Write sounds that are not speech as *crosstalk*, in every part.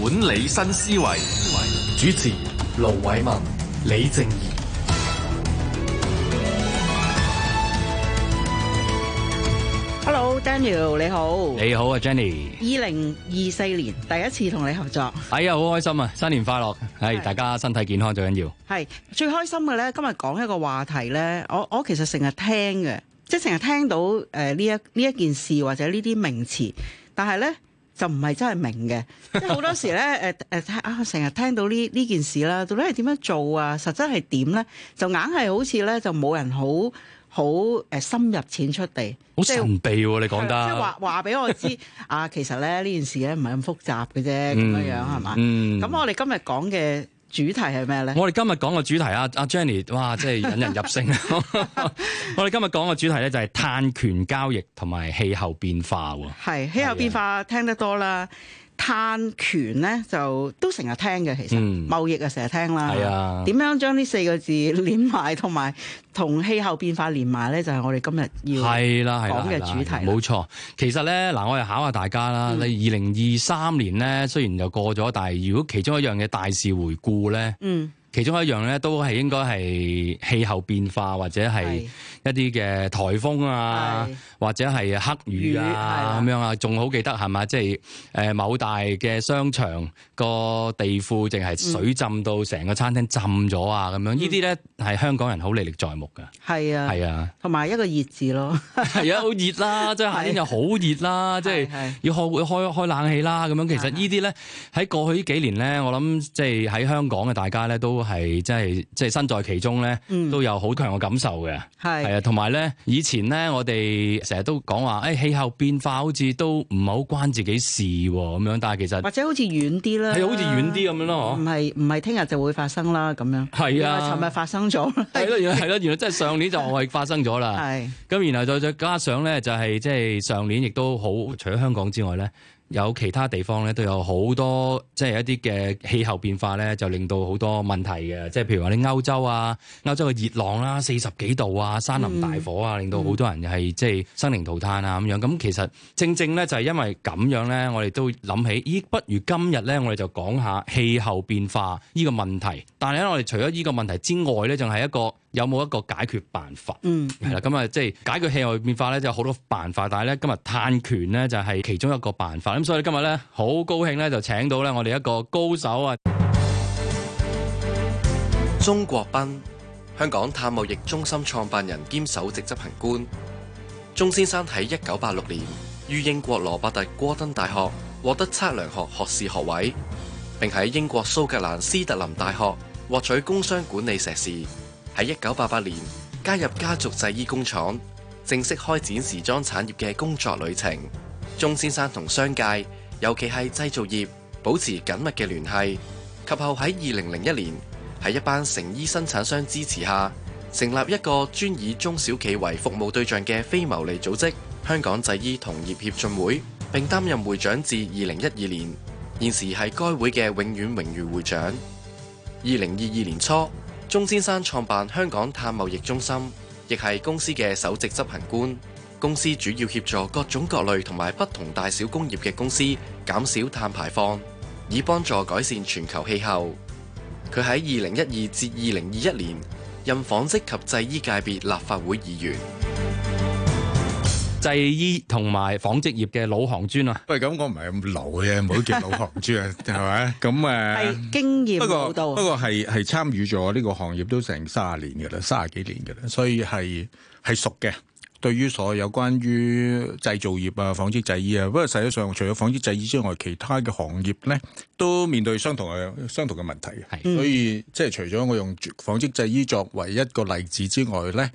管理新思維，主持盧偉民、李靜宜。Hello，Daniel，你好。你好啊，Jenny。二零二四年第一次同你合作，哎呀，好開心啊！新年快樂，係 *laughs* 是大家身體健康最緊要。係最開心嘅咧，今日講一個話題咧，我我其實成日聽嘅，即係成日聽到誒呢、呃、一呢一件事或者呢啲名詞，但係咧。就唔係真係明嘅，即係好多時咧誒誒啊，成日聽到呢呢件事啦，到底係點樣做啊？實質係點咧？就硬係好似咧，就冇人好好誒深入淺出地，好神秘喎、啊！你講得啱，即係話話俾我知啊，其實咧呢件事咧唔係咁複雜嘅啫，咁樣樣係嘛？嗯、咁我哋今日講嘅。主題係咩咧？我哋今日講個主題 *laughs* 啊，阿 Jenny，哇，真係引人入勝 *laughs* *laughs* 我哋今日講個主題咧，就係，就係碳權交易同埋氣候變化喎。係氣候變化係聽得多啦。碳權咧就都成日聽嘅，其實嘅、嗯、貿易就嘅啊成日聽啦。點樣將呢四個字連埋，同埋同氣候變化連埋咧，就係、係、我哋今日要講嘅主題。冇、啊啊啊啊啊、錯，其實咧嗱，我哋考下大家啦。你二零二三年咧雖然就過咗，但係如果其中一樣嘅大事回顧咧，嗯、其中一樣咧都係應該係氣候變化或者係一啲嘅颱風啊。或者係黑雨啊咁樣啊，仲好、啊、記得係嘛？即係誒某大嘅商場個地庫淨係水浸到成個餐廳浸咗啊！咁、嗯、樣呢啲咧係香港人好歷歷在目嘅。係啊，係啊，同埋一個熱字咯。係 *laughs* 啊，好熱啦、啊！即係夏天就好熱啦，即係要學會開開冷氣啦、啊。咁樣其實這些呢啲咧喺過去呢幾年咧，我諗即係喺香港嘅大家咧都係即係即係身在其中咧，都有好強嘅感受嘅。係是啊，同埋咧以前咧我哋。成日都講話，誒、哎、氣候變化好似都唔係好關自己事咁樣，但係其實或者好似遠啲啦，係啊，好似遠啲咁樣咯，唔係唔係聽日就會發生啦咁樣，係啊，尋日發生咗，係咯，係咯， *laughs* 原來即係上年就係發生咗啦，係 *laughs* 是，咁然後再再加上咧、就係，就係即係上年亦都好，除咗香港之外咧。有其他地方咧都有好多，即係一啲嘅氣候變化咧，就令到好多問題嘅。即係譬如話啲歐洲啊，歐洲嘅熱浪啦、啊，四十幾度啊，山林大火啊，嗯、令到好多人係即係生靈塗炭啊咁樣。咁其實正正咧就係因為咁樣咧，我哋都諗起，咦，不如今日咧，我哋就講下氣候變化呢個問題。但係咧，我哋除咗呢個問題之外咧，仲係一個。有冇一個解決辦法？嗯的，係啦，咁啊，即係解決氣候變化咧，就有好多辦法，但係咧，今日碳權咧就係其中一個辦法。咁所以今日咧，好高興咧，就請到咧我哋一個高手啊，鍾國斌，香港碳貿易中心創辦人兼首席執行官鍾先生喺一九八六年於英國羅伯特哥登大學獲得測量學學士學位，並喺英國蘇格蘭斯特林大學獲取工商管理碩士。喺一九八八年加入家族製衣工廠，正式開展時裝產業嘅工作旅程。鍾先生同商界，尤其係製造業，保持緊密嘅聯繫。及後喺二零零一年，喺一班成衣生產商支持下，成立一個專以中小企為服務對象嘅非牟利組織——香港製衣同業協進會，並擔任會長至二零一二年。現時係該會嘅永遠榮譽會長。二零二二年初。鍾先生創辦香港碳貿易中心，亦係公司嘅首席執行官。公司主要協助各種各類同埋不同大小工業嘅公司減少碳排放，以幫助改善全球氣候。佢喺二零一二至二零二一年任紡織及製衣界別立法會議員。製衣同埋紡織業嘅老行尊啊，喂，咁我唔係咁老嘅，唔好叫老行尊啊，係咪？ *laughs* 咁、嗯、誒，係經驗老道。不過係係參與咗呢個行業都成卅年㗎喇，卅幾年㗎喇，所以係係熟嘅。對於所有關於製造業啊、紡織製衣啊，不過實際上除咗紡織製衣之外，其他嘅行業咧都面對相同嘅、相同嘅問題。係的，所以、嗯、即係除咗我用紡織製衣作為一個例子之外咧。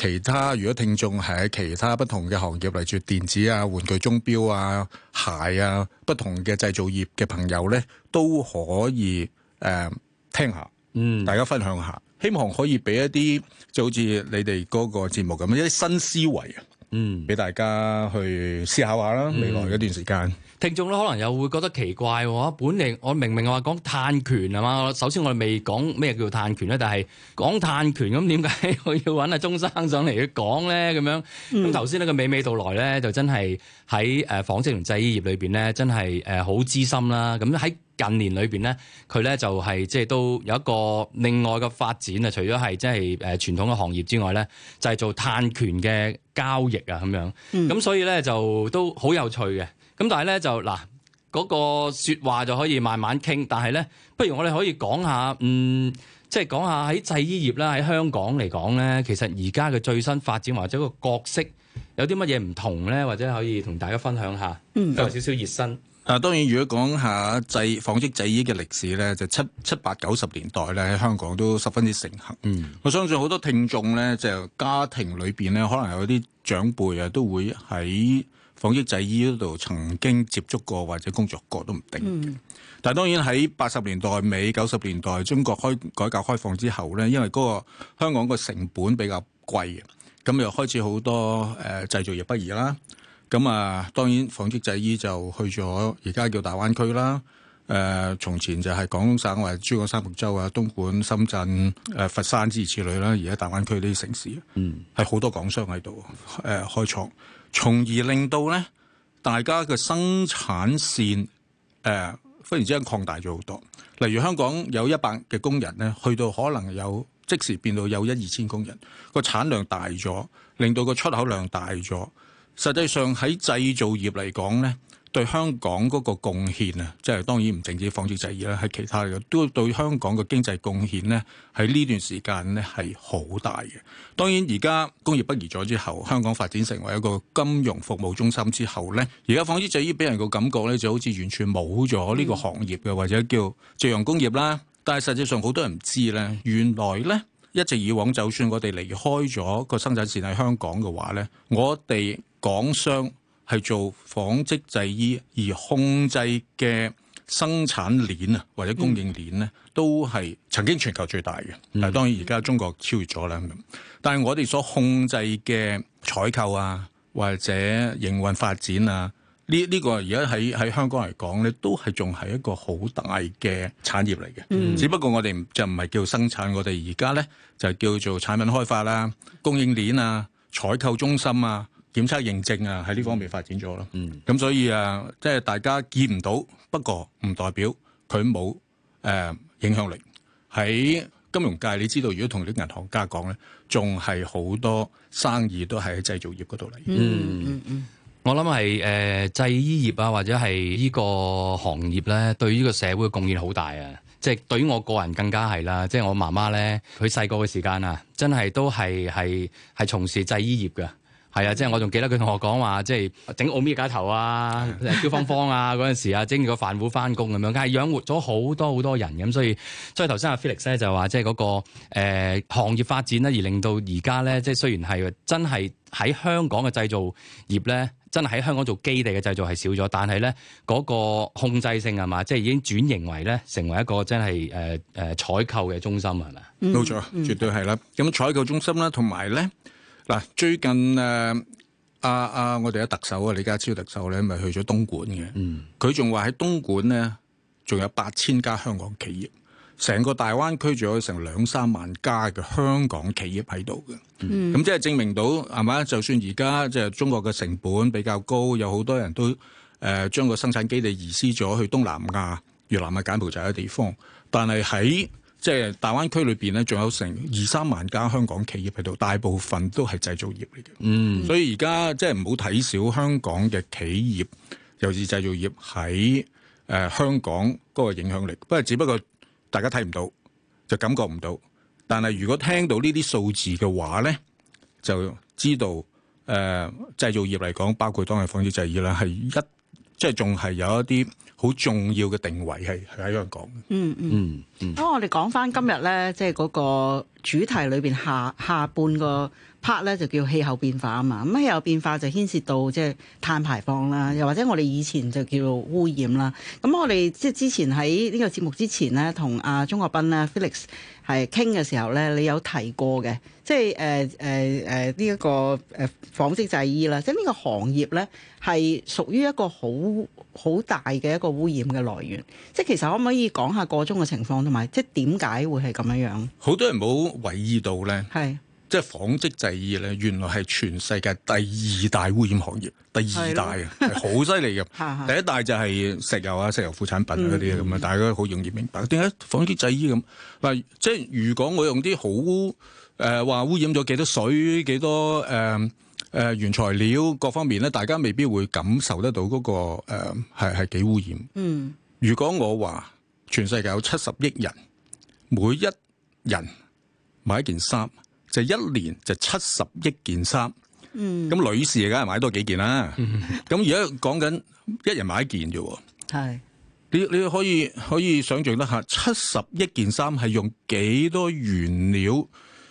其他如果聽眾係喺其他不同嘅行業，例如電子啊、玩具、鐘錶啊、鞋啊，不同嘅製造業嘅朋友咧，都可以誒、呃、聽下，嗯，大家分享下，希望可以俾一啲就好似你哋嗰個節目咁，一啲新思維啊，嗯，俾大家去思考下啦，嗯、未來一段時間。聽眾咧可能又會覺得奇怪喎，本嚟我明明話講碳權吖嘛，首先我哋未講咩叫碳權咧，但係講碳權咁點解我要揾阿鍾生上嚟去講咧？咁樣咁頭先呢個美美到來咧，就真係喺誒紡織同製衣業裏邊咧，真係誒好資深啦。咁喺近年裏邊咧，佢咧就係即係都有一個另外嘅發展啊。除咗係即係誒傳統嘅行業之外咧，就係、是、做碳權嘅交易啊咁樣。咁、嗯、所以咧就都好有趣嘅。咁但係咧就嗱嗰、那個說話就可以慢慢傾，但係咧，不如我哋可以講下，嗯，即係講下喺製衣業啦，喺香港嚟講咧，其實而家嘅最新發展或者個角色有啲乜嘢唔同咧，或者可以同大家分享下，嗯、有少少熱身。嗱，當然如果講下製紡織製衣嘅歷史咧，就七七八九十年代咧喺香港都十分之盛行。嗯、我相信好多聽眾咧就家庭裏面咧，可能有啲長輩啊都會喺。紡織製衣呢度曾經接觸過或者工作過都唔定嘅，嗯、但係當然喺八十年代尾、九十年代中國開改革開放之後呢因為嗰個香港個成本比較貴嘅，咁又開始好多誒、呃、製造業北移啦。咁啊、呃、當然，紡織製衣就去咗而家叫大灣區啦。誒、呃，從前就係廣東省或者珠江三角洲啊、東莞、深圳、呃、佛山之類,之類啦，而家大灣區呢啲城市，係好、嗯、多港商喺度誒開創。從而令到咧，大家嘅生產線誒、呃，忽然之間擴大咗好多。例如香港有一百嘅工人咧，去到可能有即時變到有一二千工人，個產量大咗，令到個出口量大咗。實際上喺製造業嚟講咧。對香港嗰個貢獻啊，即係當然唔淨止紡織製衣啦，係其他嘅都對香港嘅經濟貢獻呢，喺呢段時間呢係好大嘅。當然而家工業北移咗之後，香港發展成為一個金融服務中心之後呢，而家紡織製衣俾人個感覺呢，就好似完全冇咗呢個行業嘅，嗯、或者叫借用工業啦。但係實際上好多人唔知呢，原來呢一直以往，就算我哋離開咗個生產線喺香港嘅話呢，我哋港商係做紡織製衣而控制嘅生產鏈啊，或者供應鏈咧，都係曾經全球最大嘅。但係當然而家中國超越咗啦。但係我哋所控制嘅採購啊，或者營運發展啊，呢呢個而家喺喺香港嚟講咧，都係仲係一個好大嘅產業嚟嘅。只不過我哋就唔係叫生產，我哋而家咧就叫做產品開發啦、啊、供應鏈啊、採購中心啊。檢測認證啊，喺呢方面發展咗咯。咁、嗯、所以啊，即係大家見唔到，不過唔代表佢冇誒影響力。喺金融界，你知道如果同啲銀行家講咧，仲係好多生意都係喺製造業嗰度嚟。嗯嗯嗯，我諗係誒製衣業啊，或者係呢個行業咧，對呢個社會嘅貢獻好大啊！即係就是對於我個人更加係啦，即係就是我媽媽咧，佢細個嘅時間啊，真係都係係係從事製衣業嘅。係啊，即係我仲記得佢同學講話，即係整奧美加頭啊、蕭芳芳啊嗰陣時啊，整個飯碗翻工咁樣，梗係養活咗好多好多人咁。所以，所以頭先阿 Felix 咧就話，即係嗰個、呃、行業發展咧，而令到而家咧，即係雖然係真係喺香港嘅製造業咧，真係喺香港做基地嘅製造係少咗，但係咧嗰個控制性係嘛？即係已經轉型為咧，成為一個真係誒誒採購嘅中心係咪？冇錯，嗯嗯、絕對係啦。咁採購中心啦，同埋咧。嗱，最近誒阿阿我哋嘅特首啊，李家超特首咧，咪去咗東莞嘅。嗯，佢仲話喺東莞咧，仲有八千家香港企業，成個大灣區仲有成兩三萬家嘅香港企業喺度嘅。嗯，咁即係證明到係咪就算而家即係中國嘅成本比較高，有好多人都誒、呃、將個生產基地移師咗去東南亞、越南嘅柬埔寨嘅地方，但係喺即係大灣區裏面咧，仲有成二三萬家香港企業喺度，大部分都係製造業嚟嘅。嗯，所以而家即係唔好睇小香港嘅企業，尤其是製造業喺、呃、香港嗰個影響力。不過只不過大家睇唔到，就感覺唔到。但係如果聽到呢啲數字嘅話咧，就知道誒、呃、製造業嚟講，包括當日紡織製衣啦，係一即係仲係有一啲。好重要嘅定位係喺香港嗯。嗯嗯嗯。咁、嗯、我哋講翻今日咧，即係嗰個主題裏邊下、嗯、下半個 part 咧，就叫氣候變化啊嘛。咁氣候變化就牽涉到即係碳排放啦，又或者我哋以前就叫做污染啦。咁我哋即係之前喺呢個節目之前咧，同阿鍾國斌咧，Felix 係傾嘅時候咧，你有提過嘅，即係誒誒誒呢一個誒、呃、紡織製衣啦，即係呢個行業咧係屬於一個好好大嘅一個污染嘅來源，即係其實可唔可以講一下個中嘅情況同埋，即係點解會係咁樣樣？好多人冇為意到咧，係是即係紡織製衣咧，原來係全世界第二大污染行業，第二大啊，好犀利嘅。 *laughs* 第一大就係石油啊、石 *laughs* 油副產品嗰啲咁啊，嗯、大家都好容易明白。點解紡織製衣咁？唔即係如果我用啲好誒話、呃、污染咗幾多水、幾多誒？呃呃、原材料各方面咧，大家未必會感受得到嗰、嗰個誒係係幾污染。嗯，如果我話全世界有七十億人，每一人買一件衫，就是、一年就七十億件衫。嗯，咁女士梗係買多幾件啦。咁而家講緊一人買一件啫喎。係你你可以可以想像得下七十億件衫係用幾多原料？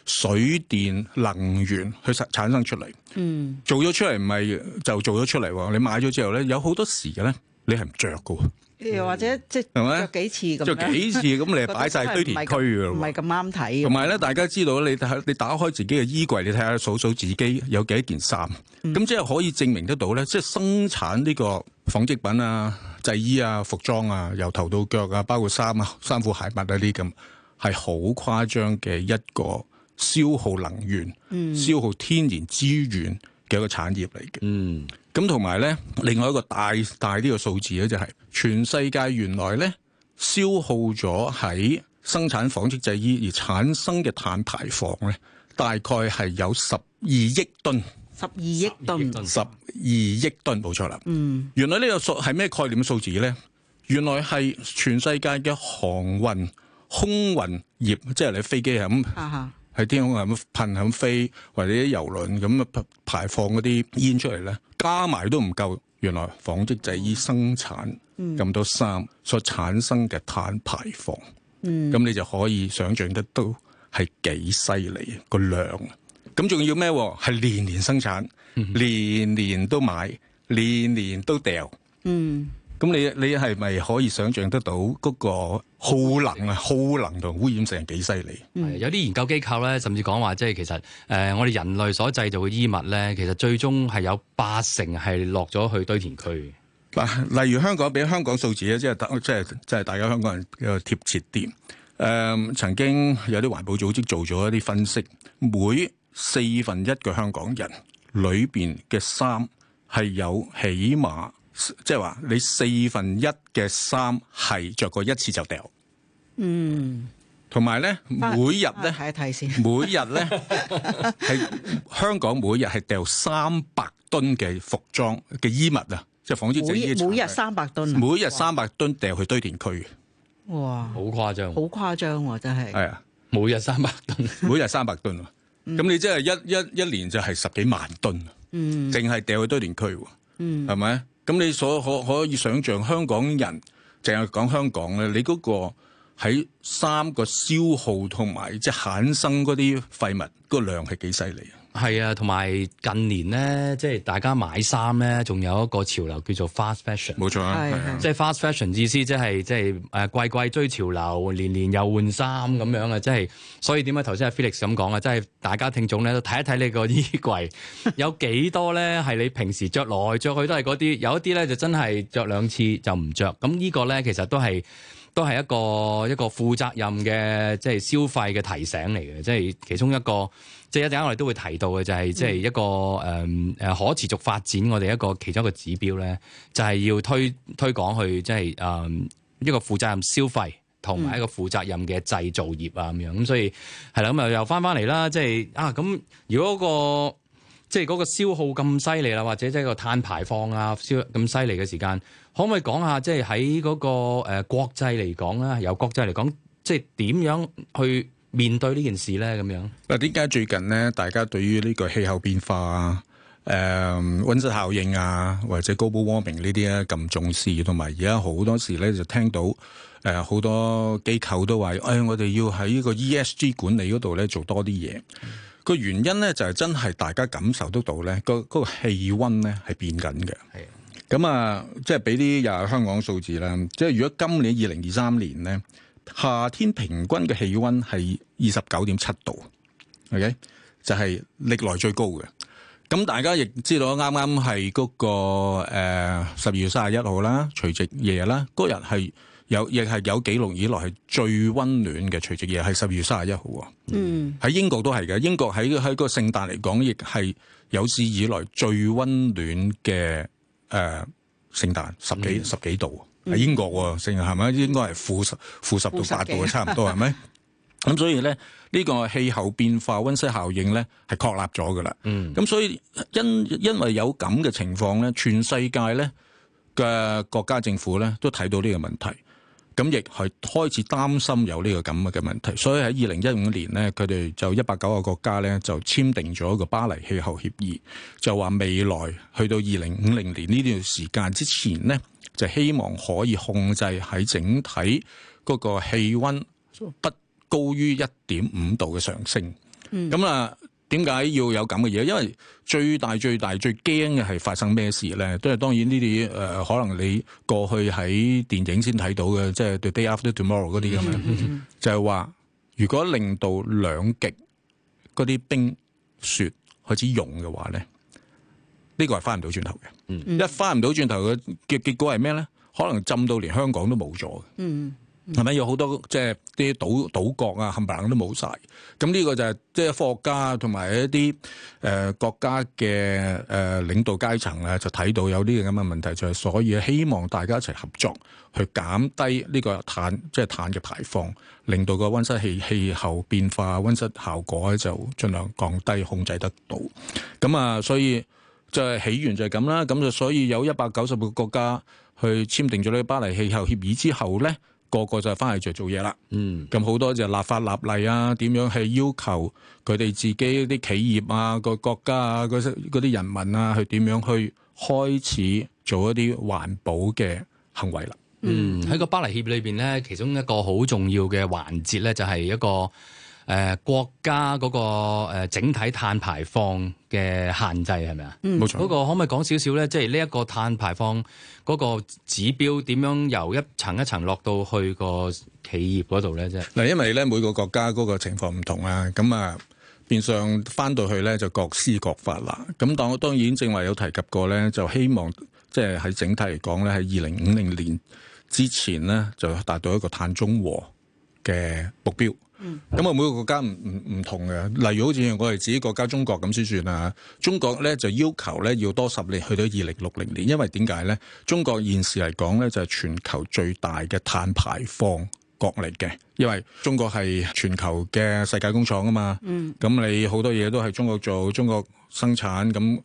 水電能源去實產生出嚟，嗯，做咗出嚟唔係就做咗出嚟喎。你買咗之後咧，有好多時嘅咧，你係唔着嘅喎。又或者即係著幾次咁樣，著幾次咁，你係擺晒堆填區嘅咯，唔係咁啱睇。同埋咧，大家知道你睇你打開自己嘅衣櫃，你睇下數數自己有幾多件衫，咁即係可以證明得到咧，即係生產呢個紡織品啊、製衣啊、服裝啊，由頭到腳啊，包括衫啊、衫褲鞋襪嗰啲咁，係好誇張嘅一個。消耗能源、嗯、消耗天然資源嘅一個產業嚟嘅。咁同埋咧，另外一個大大啲嘅數字咧，就係，就係全世界原來咧消耗咗喺生產紡織製衣而產生嘅碳排放咧，大概係有十二億噸。十二億噸，十二億噸，冇錯啦、嗯。原來呢個數係咩概念嘅數字咧？原來係全世界嘅航運、空運業，即係你飛機係咁。哈哈喺天空咁噴，咁飛，或者啲遊輪咁啊排放嗰啲煙出嚟咧，加埋都唔夠。原來紡織製衣生產咁多衫所產生嘅碳排放，咁、嗯、你就可以想像得都係幾犀利啊個量。咁仲要咩？係年年生產，年年都買，年年都掉。嗯。咁你你係咪可以想象得到嗰個耗能啊、的耗能同污染成幾犀利？有啲研究機構咧，甚至講話即係其實誒我哋人類所製造嘅衣物咧，其實最終係有八成係落咗去堆填區，嗱，例如香港俾香港數字咧，即係係即係即係大家香港人又貼切啲。誒、呃、曾經有啲環保組織做咗一啲分析，每四分一個香港人裏邊嘅衫係有起碼。即係話你四分一嘅衫係着過一次就掉，嗯，同埋咧，每日咧，睇一睇先，每日咧係香港每日係掉三百噸嘅服裝嘅衣物啊，即係紡織整衣，每日三百噸，每日三百噸掉去堆填區，哇，好誇張，好誇張，真係係啊，每日三百噸，每日三百噸，咁你即係一一一年就係十幾萬噸，嗯，淨係掉去堆填區，嗯，係咪？咁你所可可以想象香港人淨係講香港咧，你嗰個喺三個消耗同埋即係產生嗰啲廢物個量係幾犀利啊！係啊，同埋近年咧，即係大家買衫咧，仲有一個潮流叫做 fast fashion。冇錯啊，即係、啊、fast fashion 意思即係即係誒，季、就、季、是就是啊、追潮流，年年又換衫咁樣啊！即、就、係、是、所以點解頭先阿 Felix 咁講啊？即係、就是、大家聽眾咧，都睇一睇你個衣櫃 *laughs* 有幾多咧，係你平時着來着去都係嗰啲，有一啲咧就真係着兩次就唔着。咁呢個咧其實都係都係一個一個負責任嘅即係消費嘅提醒嚟嘅，即、就、係、是、其中一個。即係一陣間我哋都會提到嘅，就係即係一個誒可持續發展，我哋一個其中一個指標咧，就係要推推廣去即係誒一個負責任消費，同埋一個負責任嘅製造業啊咁樣。咁、嗯、所以係啦，咁又又翻翻嚟啦，即係啊咁，如果個即係嗰個消耗咁犀利啦，或者即係個碳排放啊消咁犀利嘅時間，可唔可以講下即係喺嗰個、呃、國際嚟講啦？由國際嚟講，即係點樣去？面對呢件事咧，咁樣嗱，點解最近咧，大家對於呢個氣候變化啊、誒、呃、溫室效應啊，或者 global warming 呢啲咧咁重視，同埋而家好多時咧就聽到誒好、呃、多機構都話，誒、哎、我哋要喺呢個 ESG 管理嗰度咧做多啲嘢。個、嗯、原因咧就係、是、真係大家感受得到咧，那個嗰個氣温咧係變緊嘅。係的。咁啊，即係俾啲又香港數字啦。即係如果今年二零二三年咧。夏天平均嘅氣温係二十九點七度，OK 就係歷來最高嘅。咁大家亦知道啱啱係嗰個呃、十二月三十一號啦，除夕夜啦，嗰日係有亦係有紀錄以來係最温暖嘅除夕夜、啊，係十二月三十一號。嗯，喺英國都係嘅，英國喺喺個聖誕嚟講，亦係有史以來最温暖嘅誒、呃、聖誕，十幾十幾度。嗯係英國喎，成日係咪？應該係負十、負十到八度啊，差唔多係咪？咁 *laughs* 所以咧，呢、呢個氣候變化溫室效應咧係確立咗噶啦。嗯，咁所以因因為有咁嘅情況咧，全世界咧嘅國家政府咧都睇到呢個問題。咁亦係開始擔心有呢個咁嘅問題，所以喺二零一五年咧，佢哋就一百九個國家咧就簽訂咗一個巴黎氣候協議，就話未來去到二零五零年呢段時間之前咧，就希望可以控制喺整體嗰個氣温不高於一點五度嘅上升。咁、嗯、啊～點解要有咁嘅嘢？因為最大最大最驚嘅係發生咩事咧？都係當然呢啲誒，可能你過去喺電影先睇到嘅，即係《The Day After Tomorrow》嗰啲咁樣，就係話如果令到兩極嗰啲冰雪開始融嘅話咧，呢、這個係翻唔到轉頭嘅。嗯、一翻唔到轉頭嘅結結果係咩咧？可能浸到連香港都冇咗嘅。嗯係咪有好多即係啲島島國啊、冚唪唥都冇晒。咁呢個就係即係科學家同埋一啲誒、呃、國家嘅誒、呃、領導階層咧，就睇到有啲咁嘅問題，就係、是、所以希望大家一齊合作，去減低呢個碳，即係碳嘅排放，令到個温室氣氣候變化、温室效果咧就盡量降低、控制得到。咁啊，所以就係、是、起源就係咁啦。咁就所以有一百九十個國家去簽訂咗呢個巴黎氣候協議之後咧。個個就係翻嚟再做嘢啦，嗯，咁好多就立法立例啊，點樣去要求佢哋自己啲企業啊、個國家啊、嗰啲人民啊，去點樣去開始做一啲環保嘅行為啦。嗯，喺個巴黎協議裏邊咧，其中一個好重要嘅環節咧，就係一個。誒、呃、國家嗰個、呃、整體碳排放嘅限制係咪啊？冇錯，嗰個可唔可以講少少咧？即係呢一個碳排放嗰個指標點樣由一層一層落到去個企業嗰度咧？即係嗱，因為咧每個國家嗰個情況唔同啊，咁啊變相翻到去咧就各施各法啦。咁當然正話有提及過咧，就希望即係喺整體嚟講咧，喺二零五零年之前咧就達到一個碳中和嘅目標。咁啊，嗯、每個國家唔唔同嘅。例如好似我哋自己國家中國咁先算啦。中國咧就要求咧要多十年去到二零六零年，因為點解咧？中國現時嚟講咧就係、是、全球最大嘅碳排放國嚟嘅，因為中國係全球嘅世界工廠啊嘛。咁、嗯、你好多嘢都喺中國做，中國生產咁誒，咁啊、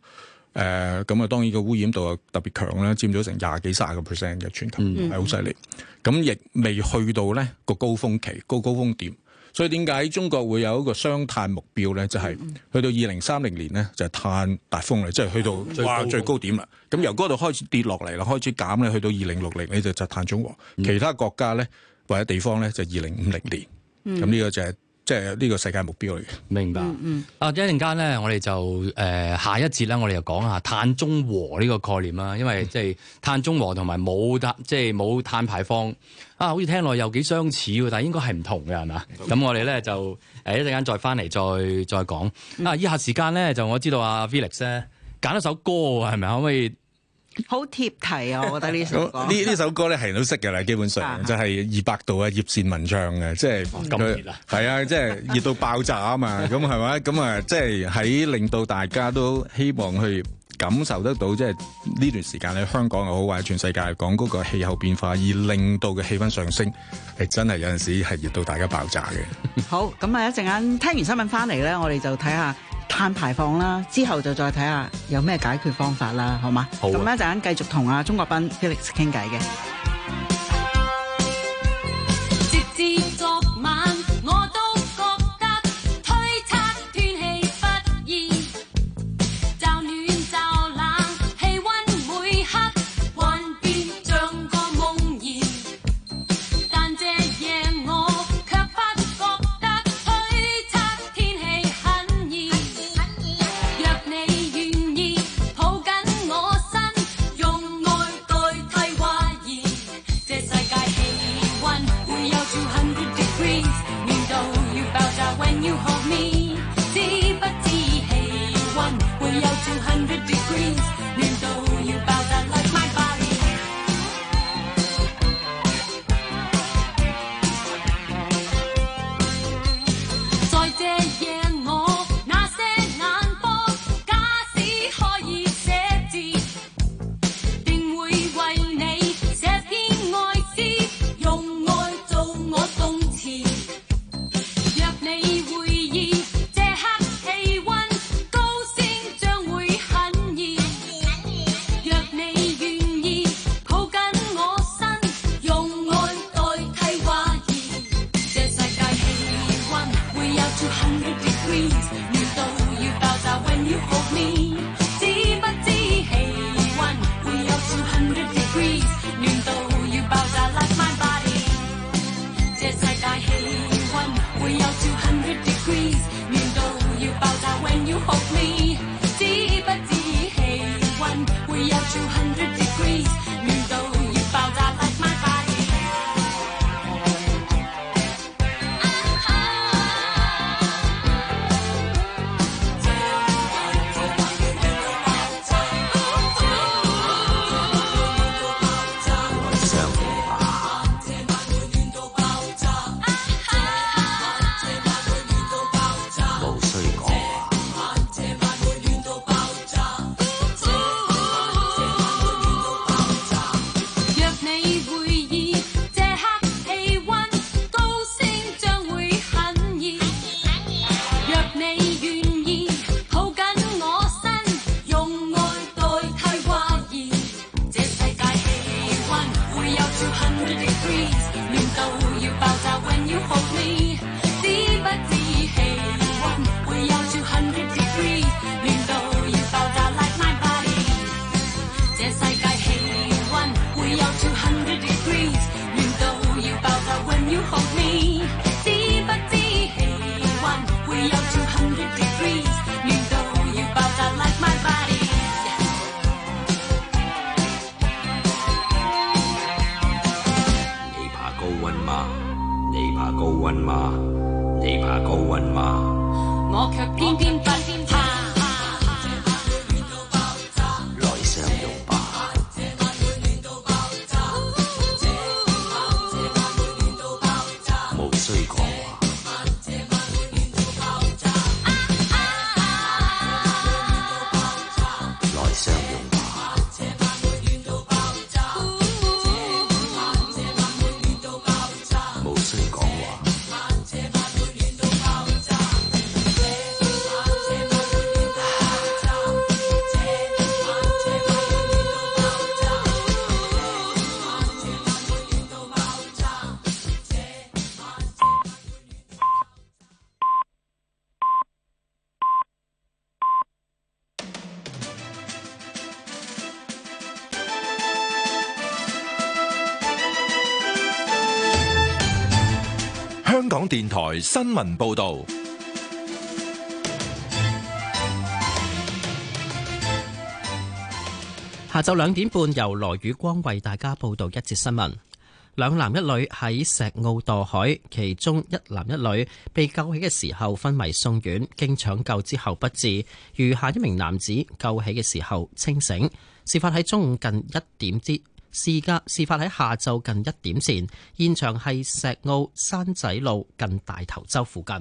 呃、當然個污染度啊特別強啦，佔咗成廿幾、卅個 percent 嘅全球，係好犀利。咁亦、嗯嗯、未去到咧個高峰期、高高峰點。所以點解中國會有一個雙碳目標呢？就係、是、去到二零三零年呢，就碳達峰啦，即、就、係、是、去到最最哇最高點啦。咁由嗰度開始跌落嚟啦，開始減咧，去到二零六零呢就就碳中和。嗯、其他國家呢，或者地方呢，就二零五零年。咁呢個就係、是。即係呢個世界目標嚟嘅，明白。嗯嗯、啊，一陣間咧，我哋就、呃、下一節啦，我哋就講下碳中和呢個概念啦、啊。因為即係碳中和同埋冇碳，即係冇碳排放啊，好似聽落又幾相似喎，但係應該係唔同嘅，係嘛？咁、嗯、我哋咧就、啊、一陣間再翻嚟再再講。啊，以下時間咧就我知道啊 Felix 揀一首歌啊，係咪可唔可以？好貼題啊！我覺得呢首歌呢呢 *laughs* 首歌咧係都識嘅啦，基本上 *laughs* 就係二百度啊，葉倩文唱嘅，即係今、哦、他年係啊， *laughs* 即係熱到爆炸啊嘛，咁係咪？咁啊即係喺令到大家都希望去感受得到，即係呢段時間喺香港又好， *laughs* 或者全世界講嗰個氣候變化而令到嘅氣温上升，係真係有陣時係熱到大家爆炸嘅。 *laughs* 好，咁啊一陣間聽完新聞翻嚟咧，我哋就睇下。碳排放啦，之後就再睇下有咩解決方法啦，好嗎？好的，咁一陣間繼續同阿鍾國斌 Felix 傾偈嘅。電台新聞報道：下晝兩點半，由羅宇光為大家報道一節新聞。兩男一女喺石澳墮海，其中一男一女被救起嘅時候昏迷送院，經搶救之後不治；餘下一名男子救起嘅時候清醒。事發喺中午近一點之事架事發喺下晝近一點前，現場係石澳山仔路近大頭洲附近。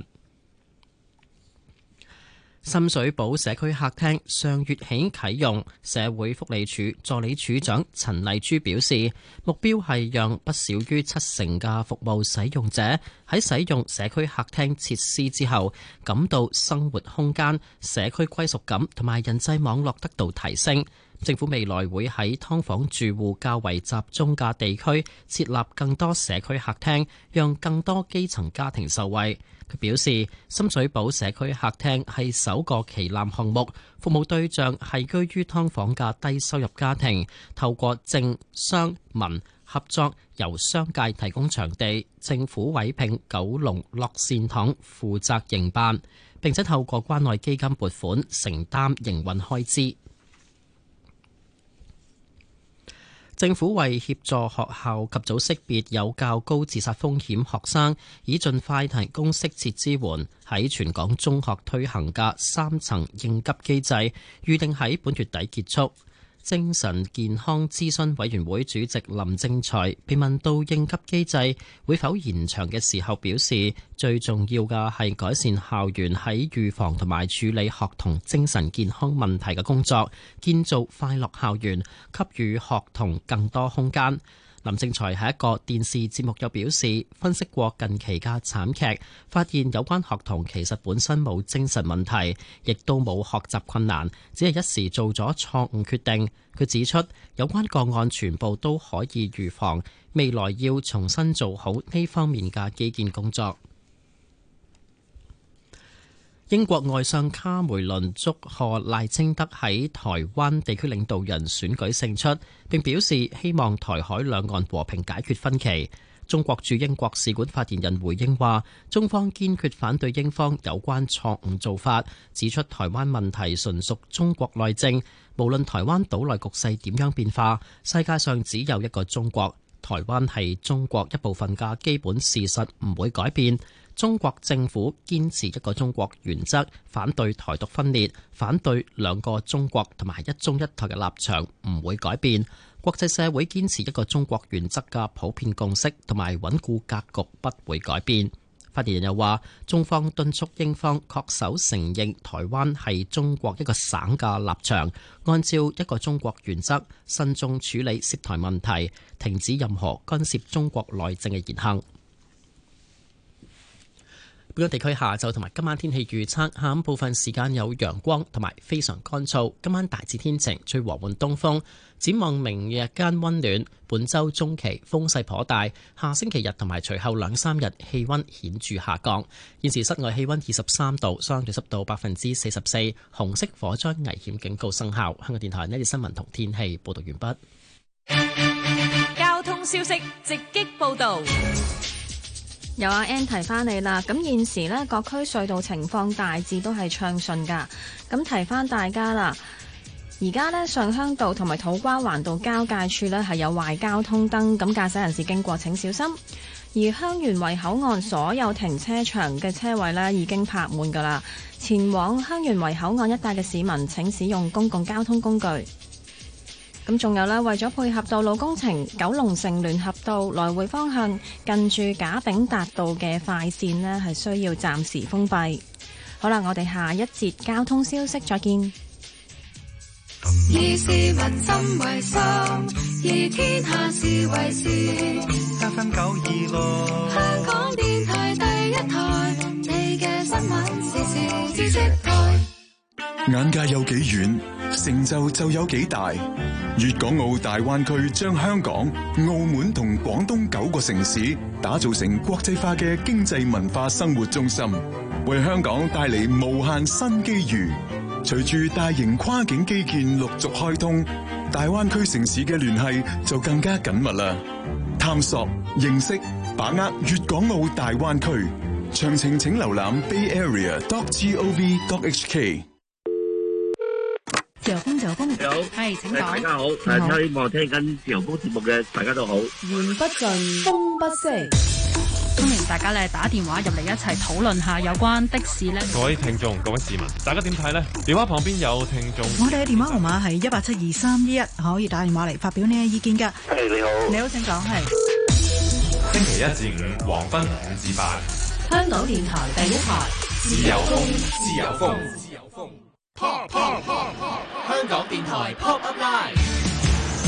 深水埗社區客廳上月起啟用，社會福利署助理署長陳麗珠表示，目標係讓不少於七成嘅服務使用者喺使用社區客廳設施之後，感到生活空間、社區歸屬感同埋人際網絡得到提升。政府未來會喺劏房住戶較為集中嘅地區設立更多社區客廳，讓更多基層家庭受惠。佢表示，深水埗社區客廳係首個旗艦項目，服務對象係居於㓥房嘅低收入家庭。透過政商民合作，由商界提供場地，政府委聘九龍樂善堂負責營辦，並且透過關愛基金撥款承擔營運開支。政府為協助學校及早識別有較高自殺風險學生，以盡快提供適切支援，喺全港中學推行嘅三層應急機制，預定喺本月底結束。精神健康諮詢委員會主席林正財被問到應急機制會否延長嘅時候，表示最重要嘅係改善校園喺預防同埋處理學童精神健康問題嘅工作，建造快樂校園，給予學童更多空間。林正才喺一個電視節目又表示，分析過近期嘅慘劇，發現有關學童其實本身冇精神問題，亦都冇學習困難，只係一時做咗錯誤決定。佢指出，有關個案全部都可以預防，未來要重新做好呢方面嘅基建工作。英國外相卡梅倫祝賀賴清德喺台灣地區領導人選舉勝出，並表示希望台海兩岸和平解決分歧。中國駐英國使館發言人回應話：中方堅決反對英方有關錯誤做法，指出台灣問題純屬中國內政，無論台灣島內局勢點樣變化，世界上只有一個中國，台灣係中國一部分嘅基本事實唔會改變。中國政府堅持一個中國原則，反對台獨分裂，反對兩個中國同埋一中一台嘅立場，唔會改變。國際社會堅持一個中國原則嘅普遍共識同埋穩固格局不會改變。發言人又話，中方敦促英方恪守承認台灣係中國一個省嘅立場，按照一個中國原則慎重處理涉台問題，停止任何干涉中國內政嘅言行。本港地區下晝同埋今晚天氣預測：下午部分時間有陽光同埋非常乾燥。今晚大致天晴，吹和緩東風。展望明日間溫暖，本週中期風勢頗大。下星期日同埋隨後兩三日氣溫顯著下降。現時室外氣溫二十三度，相對濕度百分之四十四，紅色火災危險警告生效。香港電台呢次新聞同天氣報道完畢。交通消息直擊報道。有阿 N 提翻你啦，咁現時呢，各區隧道情況大致都係暢順噶。咁提翻大家啦，而家呢，上鄉道同埋土瓜環道交界處呢，係有壞交通燈，咁駕駛人士經過請小心。而香園圍口岸所有停車場嘅車位呢，已經泊滿噶啦，前往香園圍口岸一帶嘅市民請使用公共交通工具。咁仲有咧，為咗配合道路工程，九龍城聯合道來回方向近住賈炳達道嘅快線咧，係需要暫時封閉。好啦，我哋下一節交通消息再見。以是民心為心，以天下事為事，不分九二路。香港電台第一台，你嘅新聞時事知識台。眼界有幾遠，成就就有幾大。粵港澳大灣區將香港、澳門同廣東九個城市打造成國際化嘅經濟文化生活中心，為香港帶嚟無限新機遇。隨住大型跨境基建陸續開通，大灣區城市嘅聯繫就更加緊密喇。探索、認識、把握粵港澳大灣區，詳情請瀏覽 bayarea.gov.hk。自由風，自由風你好，係大家好，係好聽緊自由風節目嘅大家都好。言不盡，風不息。歡迎大家咧打電話入嚟一齊討論下有關的士咧。各位聽眾，各位市民，大家點睇呢？電話旁邊有聽眾。我哋嘅電話號碼係一八七二三一一，可以打電話嚟發表你嘅意見噶。你好，你好，請講。係星期一至五黃昏五至八，香港電台第一台自，自由風，自由風。Pop Pop Pop Pop！香港電台 Pop Up Live，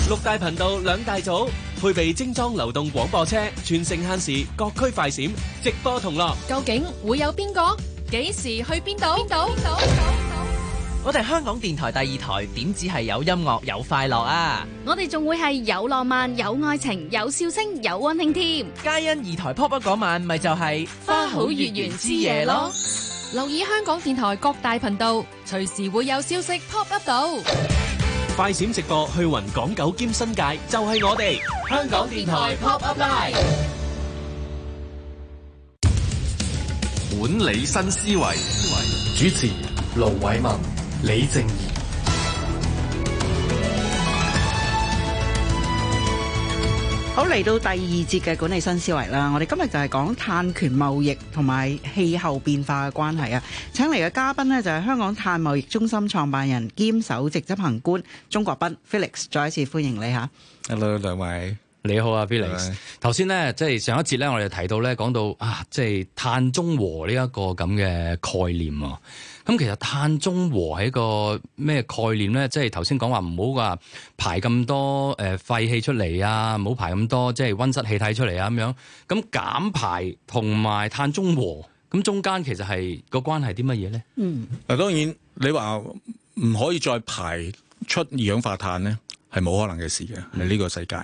六大頻道兩大組，配備精裝流動廣播車，全城限時，各區快閃，直播同樂。究竟會有邊個？幾時去邊度？邊度？邊度？我哋香港電台第二台點止係有音樂有快樂啊！我哋仲會係有浪漫有愛情有笑聲有温馨添。皆因二台 Pop Up 嗰晚咪就係花好月圓之夜咯。留意香港電台各大頻道，隨時會有消息 pop up 到。快閃直播去雲港九兼新界，就係我哋香港電台 pop up live。管理新思維，主持盧偉民、李靜宜。好，嚟到第二節嘅管理新思維啦，我哋今日就係講碳權貿易同埋氣候變化嘅關係啊，請嚟嘅嘉賓呢，就係香港碳貿易中心創辦人兼首席執行官鍾國斌 Felix，再一次歡迎你吓。Hello，兩位，你好啊 Felix，頭先呢，即係上一節咧，我哋提到咧，講到啊，即係碳中和呢一個咁嘅概念啊。咁其實碳中和係一個咩概念咧？即係頭先講話唔好話排咁多誒廢氣出嚟啊，唔好排咁多即係溫室氣體出嚟啊咁樣。咁減排同埋碳中和咁中間其實係個關係啲乜嘢咧？嗯，嗱當然你話唔可以再排出二氧化碳咧，係冇可能嘅事嘅呢、嗯、個世界。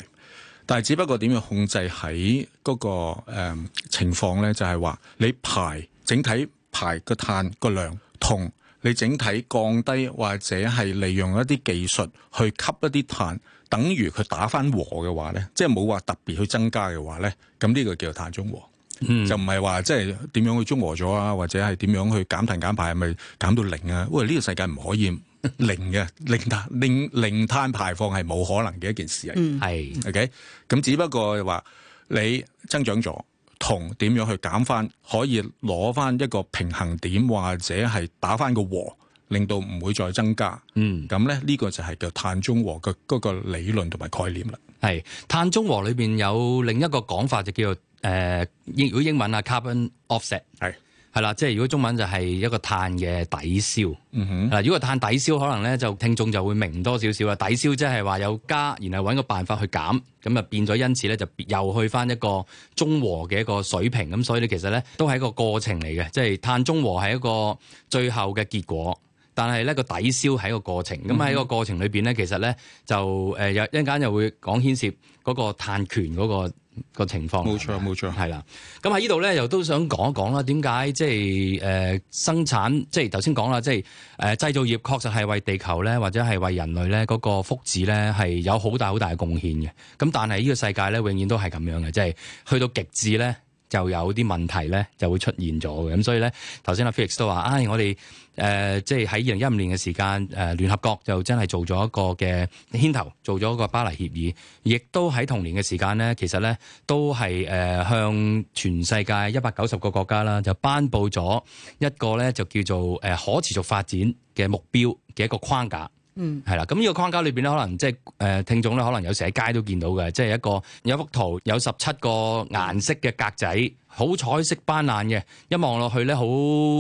但係只不過點樣控制喺嗰、個、呃、情況咧，就係、是、話你排整體排個碳、個量。同你整體降低或者係利用一啲技術去吸一啲碳，等於佢打返和嘅話咧，即係冇話特別去增加嘅話咧，咁呢個叫做碳中和，嗯、就唔係話即係點樣去中和咗啊，或者係點樣去減碳減排係咪減到零啊？喂，呢、呢個世界唔可以零嘅零碳，零零碳排放係冇可能嘅一件事啊，係、嗯、OK，咁只不過話你增長咗。同點樣去減翻，可以攞翻一個平衡點，或者係打翻個和，令到唔會再增加。嗯，咁咧呢、這個就係叫碳中和嘅嗰、那個理論同埋概念啦。係碳中和裏面有另一個講法就叫做誒，如、呃、英文啊 Carbon Offset 係。係啦，即係如果中文就係一個碳嘅抵消。嗱、嗯哼，如果碳抵消，可能咧就聽眾就會明多少少啦。抵消即係話有加，然後揾個辦法去減，咁啊變咗，因此咧就又去翻一個中和嘅一個水平。咁所以咧其實咧都係一個過程嚟嘅，即係碳中和係一個最後嘅結果，但係咧個抵消係一個過程。咁喺個過程裏邊咧，其實咧就誒有一陣間又會講牽涉嗰個碳權嗰個。個情況，冇錯冇錯係啦，咁喺呢度咧又都想講一講啦，點解即係誒生產即係頭先講啦，即係誒製造業確實係為地球咧或者係為人類咧嗰個福祉咧係有好大好大嘅貢獻嘅，咁但係呢個世界咧永遠都係咁樣嘅，即係去到極致咧就有啲問題咧就會出現咗嘅，咁所以咧頭先阿 Felix 都話，唉，我哋。誒，即係喺二零一五年嘅時間，誒、呃、聯合國就真係做咗一個嘅牽頭，做咗個巴黎協議，亦都喺同年嘅時間咧，其實咧都係誒、呃、向全世界一百九十個國家啦，就頒布咗一個咧就叫做誒可持續發展嘅目標嘅一個框架，嗯，係啦。咁呢個框架裏邊咧，可能即係誒聽眾咧，可能有時喺街都見到嘅，即、就、係、是、一個有一幅圖，有十七個顏色嘅格仔。好彩色斑斕嘅，一望落去咧，好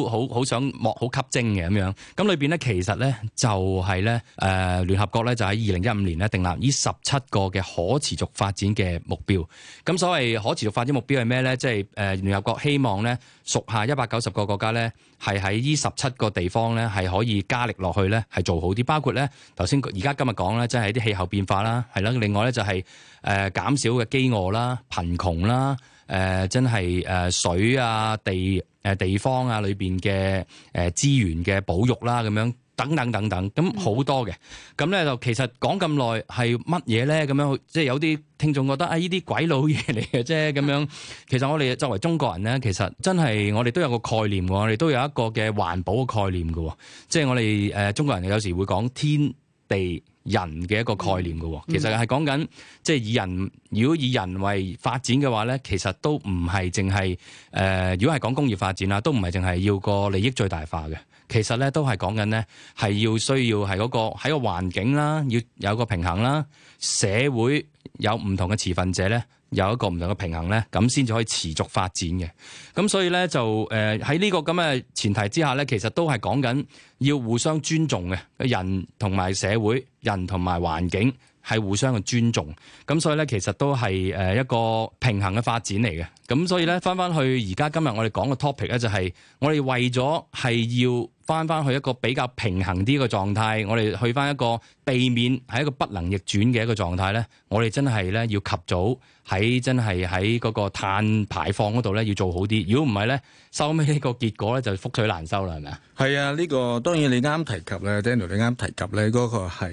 好好想望，好吸睛嘅咁樣。咁裏邊咧，其實咧就係、是、咧，誒、呃、聯合國咧就喺二零一五年咧訂立呢十七個嘅可持續發展嘅目標。咁所謂可持續發展目標係咩咧？即係誒聯合國希望咧，屬下一百九十個國家咧，係喺呢十七個地方咧係可以加力落去咧係做好啲。包括咧頭先而家今日講咧，即係啲氣候變化啦，係啦。另外咧就係、是、誒、呃、減少嘅饑餓啦、貧窮啦。誒、呃、真係、呃、水啊、地、呃、地方啊裏面嘅誒、呃、資源嘅保育啦、啊，咁樣等等等等，咁好多嘅。咁咧就其實講咁耐係乜嘢咧？咁樣即係有啲聽眾覺得啊，呢啲鬼佬嘢嚟嘅啫。咁樣其實我哋作為中國人咧，其實真係我哋都有個概念，我哋都有一個嘅環保嘅概念喎。即係我哋、呃、中國人有時會講天地。人嘅一個概念嘅、哦，其實係講緊即係以人，如果以人為發展嘅話咧，其實都唔係淨係誒，如果係講工業發展啦，都唔係淨係要個利益最大化嘅，其實咧都係講緊咧係要需要係嗰個喺個環境啦，要有個平衡啦，社會有唔同嘅持份者咧。有一個唔同嘅平衡咧，咁先至可以持續發展嘅。咁所以咧就誒喺呢個咁嘅前提之下咧，其實都係講緊要互相尊重嘅人同埋社會，人同埋環境係互相嘅尊重的。咁所以咧，其實都係誒一個平衡嘅發展嚟嘅。咁所以咧，返返去而家今日我哋講嘅 topic 咧，就係我哋為咗係要。翻翻去一個比較平衡啲嘅狀態，我哋去翻一個避免喺一個不能逆轉嘅一個狀態咧，我哋真係咧要及早喺真係喺嗰個碳排放嗰度咧要做好啲。如果唔係咧，收尾呢個結果咧就覆水難收啦，係咪啊？係啊，呢個當然你啱啱提及咧，嗯，Daniel 你啱提及咧，嗰個係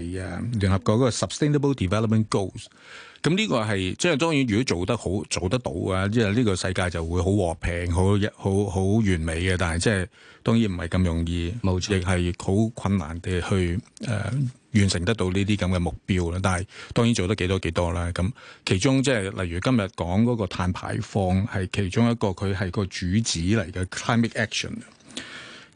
誒聯合國嗰個 Sustainable Development Goals。咁呢個係即係當然，如果做得好做得到啊，即係呢個世界就會好和平、好好好完美嘅。但係即係當然唔係咁容易，冇錯，亦係好困難地去誒、呃、完成得到呢啲咁嘅目標啦。但係當然做得幾多幾多啦。咁其中即係例如今日講嗰個碳排放係其中一個，佢係個主旨嚟嘅 climate action。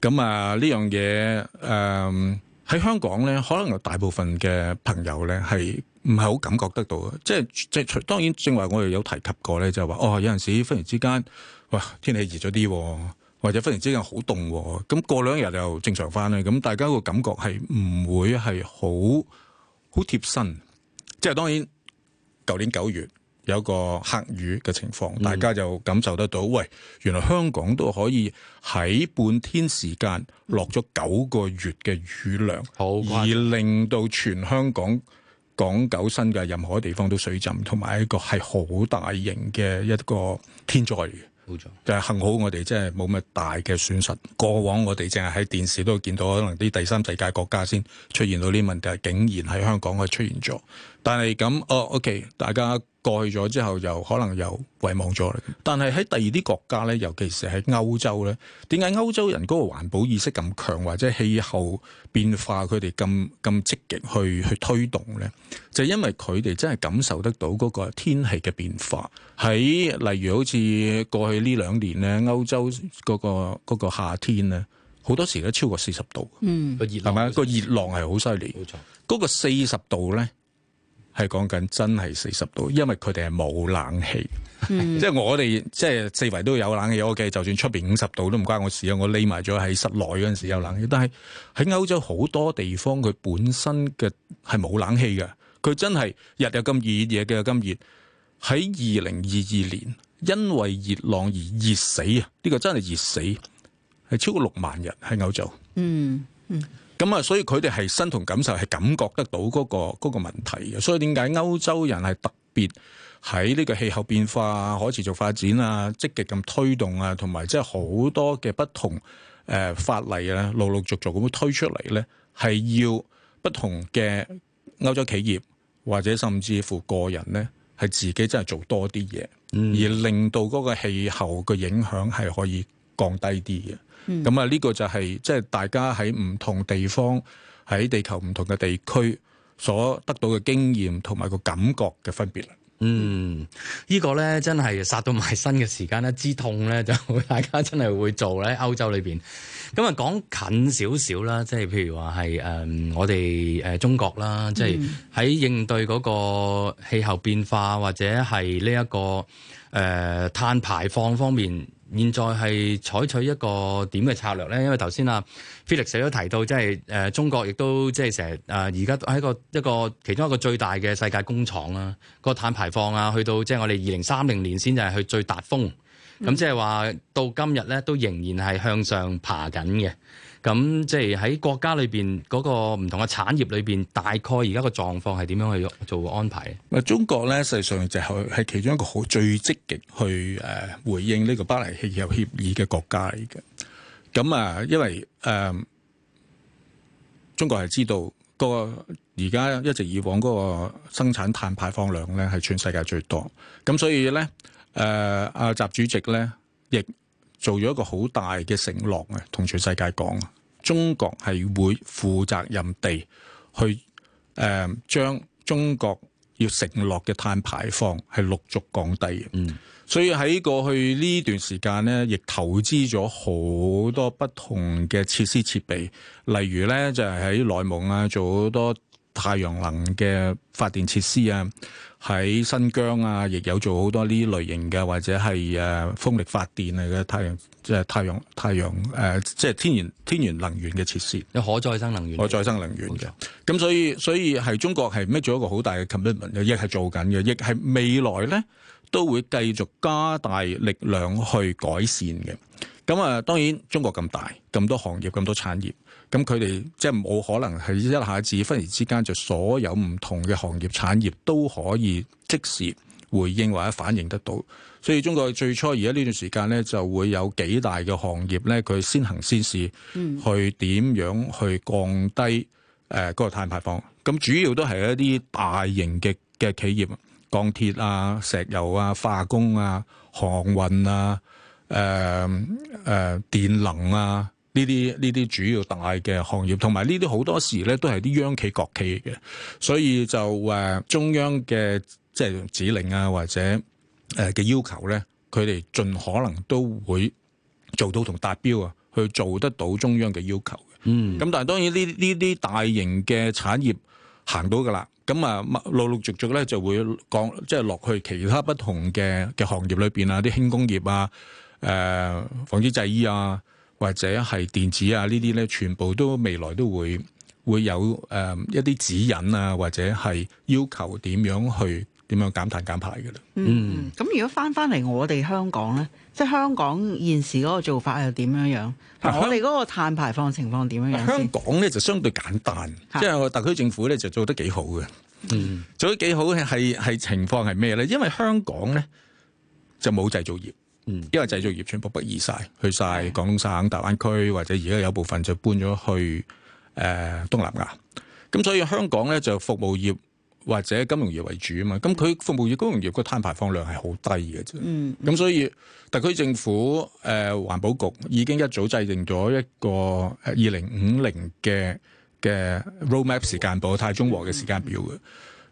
咁、呃、啊，呢樣嘢誒。喺香港咧，可能有大部分嘅朋友咧係唔係好感覺得到嘅，即係即係當然正話，我哋有提及過咧，就話哦有陣時忽然之間，哇天氣熱咗啲，或者忽然之間好凍，咁過兩日又正常翻啦。咁大家個感覺係唔會，係好好貼身，即係當然舊年九月。有個黑雨嘅情況，大家就感受得到。嗯、喂，原來香港都可以喺半天時間落咗九個月嘅雨量，嗯、而令到全香港港九新界任何地方都水浸，同埋一個係好大型嘅一個天災嚟嘅。冇錯，就係幸好我哋真係冇乜大嘅損失。過往我哋淨係喺電視都見到可能啲第三世界國家先出現到呢啲問題，竟然喺香港佢出現咗。但係咁，哦，oh，OK，大家過去咗之後又，又可能又遺忘咗。但係喺第二啲國家咧，尤其是喺歐洲咧，點解歐洲人嗰個環保意識咁強，或者氣候變化佢哋咁咁積極去去推動咧？就係因為佢哋真係感受得到嗰個天氣嘅變化。喺例如好似過去呢兩年咧，歐洲嗰個嗰個夏天咧，好多時都超過四十度。嗯，係係個熱浪係嘛？個熱浪係好犀利。冇錯，嗰個四十度咧。係講緊真係四十度，因為佢哋係冇冷氣，嗯、即係我哋即係四圍都有冷氣。我記就算出邊五十度都唔關我事啊！我匿埋咗喺室內嗰陣時有冷氣，但係喺歐洲好多地方佢本身嘅係冇冷氣嘅，佢真係日日咁熱，夜嘅咁熱。喺二零二二年，因為熱浪而熱死啊！呢、個真係熱死，係超過六萬人喺歐洲。嗯嗯，咁啊，所以佢哋係身同感受，係感覺得到嗰個嗰個問題嘅。所以點解歐洲人係特別喺呢個氣候變化、可持續發展啊，積極咁推動啊，同埋即係好多嘅不同誒、呃、法例啊，陸陸續續咁推出嚟咧，係要不同嘅歐洲企業或者甚至乎個人咧，係自己真係做多啲嘢，嗯、而令到嗰個氣候嘅影響係可以降低啲嘅。咁啊，呢、嗯、個就係即係大家喺唔同地方喺地球唔同嘅地區所得到嘅經驗同埋個感覺嘅分別啦。嗯，呢、這個咧真係殺到埋身嘅時間咧，之痛咧就大家真係會做咧。歐洲裏邊，咁啊講近少少啦，即係譬如話係誒我哋誒、呃、中國啦，即係喺應對嗰個氣候變化或者係呢一個誒、呃、碳排放方面。現在係採取一個點嘅策略咧，因為頭先啊，Felix 都提到，即係誒中國亦都即係成日誒，而家喺個一個,一個其中一個最大嘅世界工廠啊，個碳排放啊，去到即係、就是、我哋二零三零年先至係去最達峰。咁即係話到今日咧，都仍然係向上爬緊嘅。咁即係喺國家裏邊嗰個唔同嘅產業裏邊，大概而家個狀況係點樣去做安排？啊，中國咧實際上就係係其中一個好最積極去誒回應呢個巴黎氣候協議嘅國家嚟嘅。咁啊，因為誒、嗯、中國係知道嗰個而家一直以往嗰個生產碳排放量咧係全世界最多，咁所以咧誒阿習主席咧亦。做咗一個好大嘅承諾啊，同全世界講啊，中國係會負責任地去誒將、呃、中國要承諾嘅碳排放係陸續降低。嗯，所以喺過去呢段時間呢亦投資咗好多不同嘅設施設備，例如呢就係喺內蒙啊做好多太陽能嘅發電設施啊，喺新疆啊，亦有做好多呢類型嘅，或者係誒風力發電啊嘅太陽，即係太陽太陽誒，即係天然天然能源嘅設施。有可再生能源，可再生能源嘅。咁冇錯。所以所以係中國係咩做一個好大嘅 commitment，亦係做緊嘅，亦係未來咧都會繼續加大力量去改善嘅。咁啊，當然中國咁大，咁多行業，咁多產業。咁佢哋即係冇可能係一下子忽然之間就所有唔同嘅行業產業都可以即時回應或者反應得到，所以中國最初而家呢段時間咧就會有幾大嘅行業咧，佢先行先試去點樣去降低嗰、呃嗰個碳排放。咁主要都係一啲大型嘅嘅企業，鋼鐵啊、石油啊、化工啊、航運啊、誒、呃、誒、呃、電能啊。呢啲呢啲主要大嘅行業，同埋呢啲好多時咧都係啲央企國企嘅，所以就誒中央嘅即係指令啊，或者誒嘅要求咧，佢哋盡可能都會做到同達標啊，去做得到中央嘅要求。嗯，咁但係當然呢呢啲大型嘅產業行到㗎啦，咁啊陸陸續續咧就會降即係落去其他不同嘅嘅行業裏面啊，啲輕工業啊，呃、紡織製衣啊。或者係電子啊呢啲咧，全部都未來都會會有誒、呃、一啲指引啊，或者係要求點樣去點樣減碳減排嘅啦、嗯。嗯，咁、嗯、如果翻翻嚟我哋香港咧，即係香港現時嗰個做法又點樣樣？我哋嗰個碳排放情況點樣樣？香港咧就相對簡單，即係是特區政府咧就做得幾好嘅。嗯，做得幾好係係情況係咩咧？因為香港咧就冇製造業。因為製造業全部北移晒，去晒廣東省大灣區，或者而家有部分就搬咗去誒、呃、東南亞。咁所以香港咧就服務業或者金融業為主啊嘛。咁佢服務業、金融業個碳排放量係好低嘅啫。咁、嗯、所以特區政府誒環、呃、保局已經一早制定咗一個二零五零嘅嘅 roadmap 時間表，碳中和嘅時間表。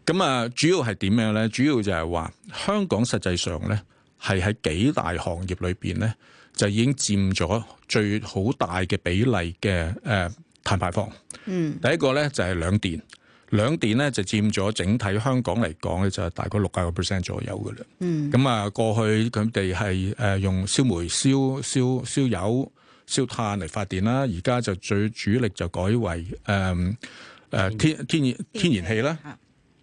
咁啊，主要係點樣咧？主要就係話香港實際上咧。係喺幾大行業裏邊咧，就已經佔咗最好大嘅比例嘅誒、呃、碳排放。嗯，第一個咧就係兩電，兩電咧就佔咗整體香港嚟講咧就係大概六十個 percent 左右嘅啦。嗯，咁啊過去佢哋係誒用燒煤燒、燒燒燒油、燒炭嚟發電啦，而家就最主力就改為誒誒、呃、天，天然天然氣啦。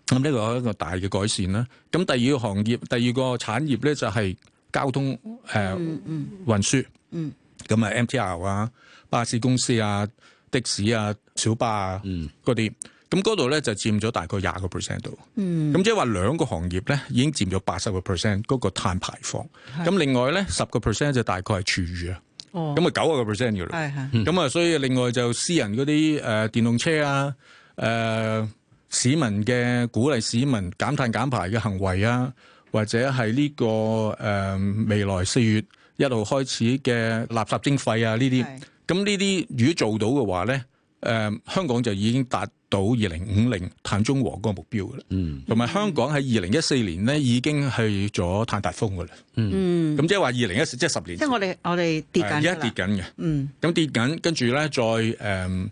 咁呢個一個大嘅改善啦。咁第二個行業、第二個產業咧就係交通誒、呃嗯嗯、運輸。嗯，咁啊 MTR 啊、巴士公司啊、的士啊、小巴啊，嗰啲、嗯。咁嗰度咧就佔咗大概廿個 percent 度。嗯。咁即係話兩個行業咧已經佔咗八十個 percent 嗰個碳排放。咁、嗯、另外咧十個 percent 就大概係廚餘啊。哦。咁啊九個 percent 要。係係。咁啊、嗯，所以另外就私人嗰啲誒電動車啊，誒、呃。市民嘅鼓勵市民減碳減排嘅行為啊，或者係呢、呢個誒、嗯、未來四月一號開始嘅垃圾徵費啊，呢啲咁呢啲如果做到嘅話咧，誒、嗯、香港就已經達到二零五零碳中和嗰個目標噶啦。嗯，同埋香港喺二零一四年咧已經去咗碳達峰噶啦。嗯，咁即係話二零一四即係十年。即係我哋我哋跌緊而家跌緊嘅。嗯。咁跌緊，跟住咧再誒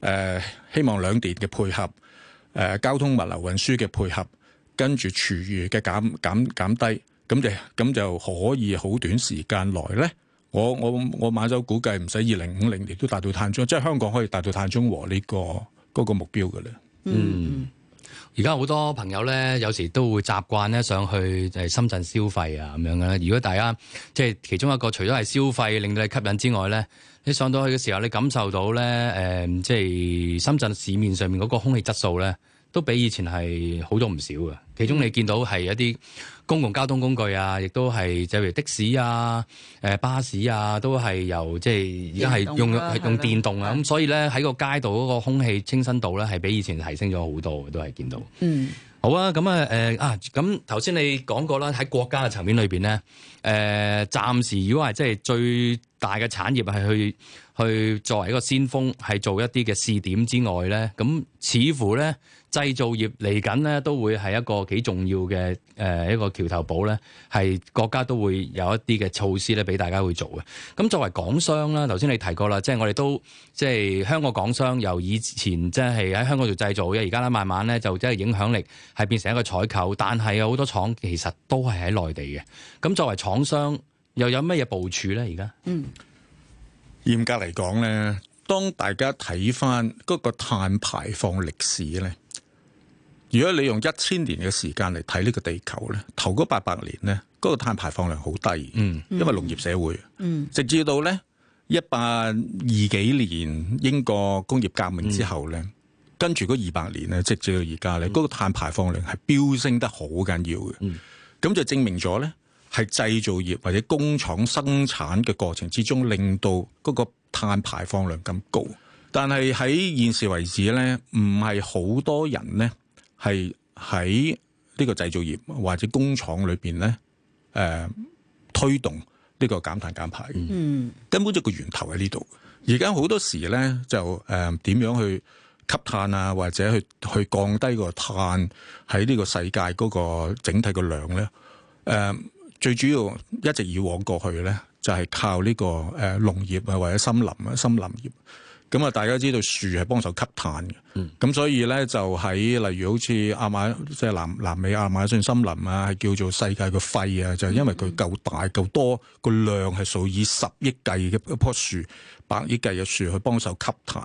誒希望兩年嘅配合。啊、交通物流運輸嘅配合，跟住廚餘嘅減,減,減低，咁就咁就可以好短時間內咧，我我我估計唔使二零五零年都達到碳中和，即係香港可以達到碳中和呢個嗰個目標㗎啦。嗯，而家好多朋友咧，有時都會習慣咧上去深圳消費啊咁樣嘅。如果大家即係其中一個，除咗係消費令到你吸引之外咧。你上到去嘅時候，你感受到咧、呃，即係深圳市面上面嗰個空氣質素咧，都比以前係好咗唔少嘅。其中你見到係一啲公共交通工具啊，亦都係，例如的士啊、呃、巴士啊，都係由即係而家係用電的用、用電動啊。咁所以咧，喺個街道嗰個空氣清新度咧，係比以前提升咗好多嘅，都係見到。嗯。好啊，咁、呃、啊，誒啊，咁頭先你講過啦，喺國家嘅層面裏邊咧，誒、呃，暫時如果係即係最大嘅產業，係去去作為一個先鋒，係做一啲嘅試點之外咧，咁似乎咧製造業嚟緊咧都會係一個幾重要嘅誒一個橋頭堡咧，係國家都會有一啲嘅措施咧俾大家去做嘅。咁作為港商啦，頭先你提過啦，即係我哋都即係香港港商由以前即係喺香港做製造，而家咧慢慢咧就即係影響力係變成一個採購，但係有好多廠其實都係喺內地嘅。咁作為廠商又有乜嘢部署咧？而家嗯。嚴格嚟講咧，當大家睇翻嗰個碳排放歷史咧，如果你用一千年嘅時間嚟睇呢個地球咧，頭嗰八百年咧，嗰、嗰個碳排放量好低，嗯，因為農業社會，嗯，直至到咧一八二幾年、嗯、英國工業革命之後咧，嗯、跟住嗰二百年咧，直至到而家咧，嗰、嗰個碳排放量係飆升得好緊要嘅，咁、嗯、就證明咗咧。係製造業或者工廠生產嘅過程之中，令到嗰個碳排放量咁高。但係喺現時為止咧，唔係好多人咧，係喺呢個製造業或者工廠裏邊咧，誒、呃、推動呢個減碳減排。嗯，根本就個源頭喺呢度。而家好多時咧，就誒點樣去吸碳啊，或者去去降低個碳喺呢個世界嗰個整體個量咧，誒、呃。最主要一直以往過去咧，就係靠呢個誒農業啊，或者森林啊，森林業，咁啊，大家知道樹係幫手吸碳嘅，咁、嗯、所以咧就喺例如好似亞馬即係南南美亞馬遜森林啊，係叫做世界嘅肺啊，就係因為佢夠大夠多個量係數以十億計嘅一棵樹，百億計嘅樹去幫手吸碳，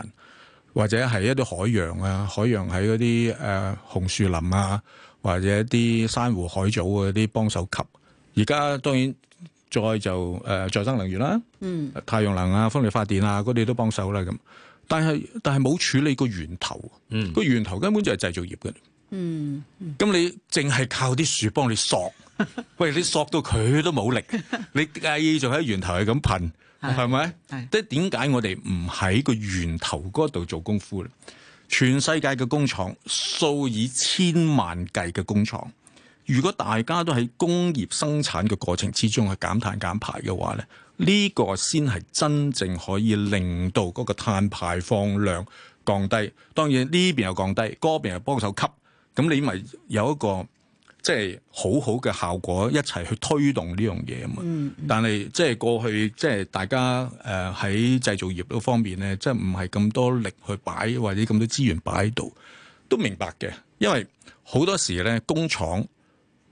或者係一啲海洋啊，海洋喺嗰啲誒紅樹林啊，或者啲珊瑚海藻嗰啲幫手吸。而家當然再就誒、呃、再生能源啦，嗯、太陽能啊、風力發電啊嗰啲都幫手啦咁。但係但係冇處理個源頭，個、嗯、源頭根本就係製造業嘅。咁、嗯嗯、你淨係靠啲樹幫你索， *laughs* 喂，你索到佢都冇力，你繼續喺源頭係咁噴，係咪 *laughs* 吧？即係點解我哋唔喺個源頭嗰度做功夫咧？全世界嘅工廠數以千萬計嘅工廠。如果大家都喺工業生產嘅過程之中去減碳減排嘅話咧，呢個先係真正可以令到嗰個碳排放量降低。當然呢邊又降低，嗰邊又幫手吸，咁你咪有一個即係好好嘅效果，一齊去推動呢樣嘢啊嘛。嗯、但係即係過去即係大家、呃、喺製造業嗰方面咧，即係唔係咁多力去擺，或者咁多資源擺喺度都明白嘅，因為好多時咧工廠。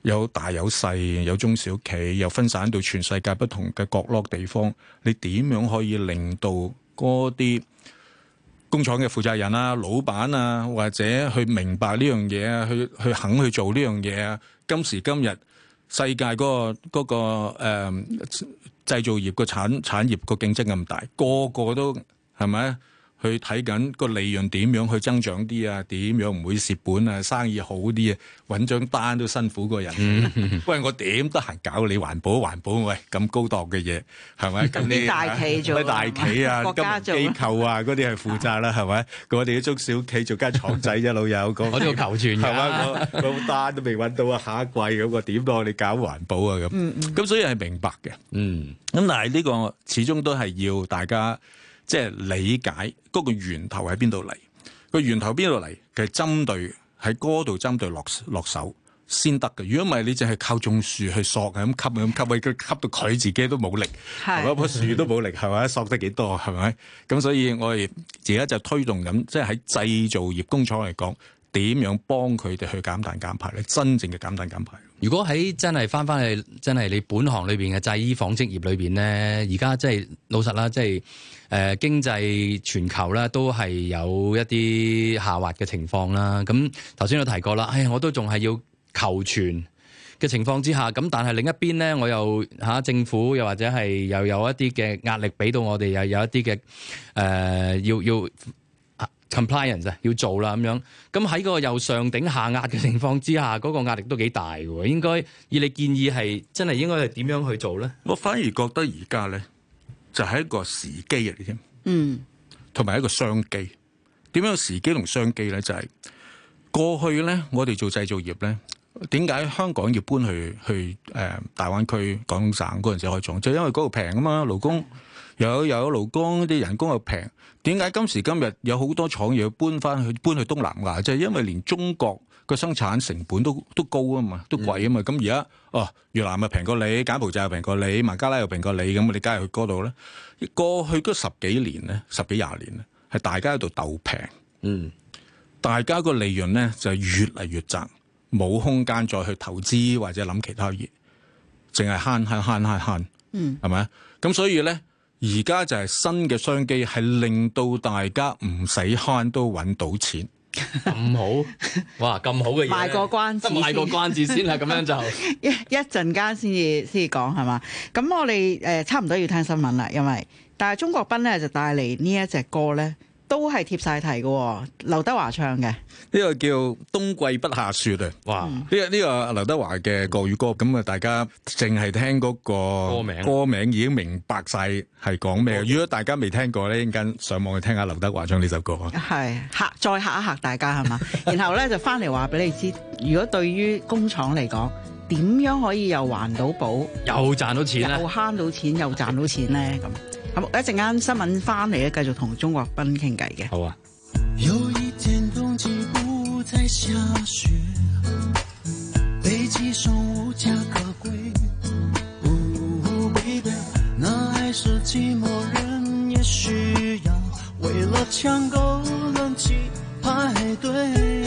有大有細，有中小企，又分散到全世界不同嘅角落地方。你點樣可以令到嗰啲工廠嘅負責人啊、老闆啊，或者去明白呢樣嘢啊，去去肯去做呢樣嘢啊？今時今日世界嗰個嗰個誒、呃、製造業個產產業個競爭咁大，個個都係咪？是去睇緊個利潤點樣去增長啲啊？點樣唔會蝕本啊？生意好啲啊？揾張單都辛苦過人，嗯嗯、喂！我點得閒搞你環保環保？喂！咁高檔嘅嘢係咪？咁你、啊、大企做，咩大企啊？今日機構啊嗰啲係負責啦，係咪、啊？我哋啲中小企做間廠仔一 *laughs* 老友講、那個、我做求轉嘅、啊，係嘛？那個單都未揾到啊，下一季咁我點得我哋搞環保啊？咁咁所以係明白嘅，嗯。咁、嗯、但係呢個始終都係要大家。即係理解嗰、那個源頭喺邊度嚟？個源頭邊度嚟？其實針對喺嗰度針對落落手先得嘅。如果唔係，你淨係靠種樹去索，咁吸，咁吸，喂，佢吸到佢自己都冇力，嗰棵 *laughs* 樹都冇力，係咪？索得幾多？係咪？咁所以，我而家就推動緊，即係喺製造業工廠嚟講，點樣幫佢哋去減碳減排咧？真正嘅減碳減排。如果喺真係翻翻去，真係你本行裏邊嘅製衣、紡織業裏邊咧，而家即係老實啦，即係誒經濟全球咧都係有一啲下滑嘅情況啦。咁頭先都提過啦，唉，我都仲係要求存嘅情況之下，咁但係另一邊咧，我又嚇、啊、政府又或者係又有一啲嘅壓力俾到我哋，又有一啲嘅誒要要。要 Compliance 啊，Compliance, 要做啦咁樣，咁喺個由上頂下壓嘅情況之下，嗰個壓力都幾大喎。應該以你建議係真係應該係點樣去做咧？我反而覺得而家咧就係一個時機嚟添，嗯，同埋一個商機。點樣時機同商機咧？就係過去咧，我哋做製造業咧，點解香港要搬去去誒大灣區廣東省嗰陣時開廠？就因為嗰度平啊嘛，勞工。有有，勞工啲人工又平，點解今時今日有好多廠要搬翻去搬去東南亞？就係因為連中國個生產成本都都高啊嘛，都貴啊嘛。咁而家哦，越南又平過你，柬埔寨又平過你，孟加拉又平過你，咁你梗係去嗰度咧？過去嗰十幾年咧，十幾廿年咧，係大家喺度鬥平，嗯，大家個利潤咧就係越嚟越窄，冇空間再去投資或者諗其他嘢，淨係慳慳慳慳慳，嗯，係咪？咁所以咧。而家就係新嘅商機，係令到大家唔使慳都揾到錢。咁 *laughs* 好，哇！咁好嘅嘢，賣個關子先，賣個關子先啦。咁樣就 *laughs* 一,一陣間先至先至講係嘛？咁我哋、呃、差唔多要聽新聞啦，因為但係鍾國斌咧就帶嚟呢一隻歌咧。都係貼晒題嘅，劉德華唱嘅。呢個叫《冬季不下雪》啊，哇！呢個呢個劉德華嘅國語歌，咁啊，大家淨係聽嗰個歌名，歌名已經明白晒係講咩。如果大家未聽過咧，一陣間上網去聽下劉德華唱呢首歌。係吓，再嚇一嚇大家係嘛？然後咧就翻嚟話俾你知，如果對於工廠嚟講，點樣可以又環到保，又賺到錢，又慳到錢，又賺到錢咧咁。一陣間新聞翻嚟咧，繼續同鍾國斌傾偈嘅。好啊。 *music*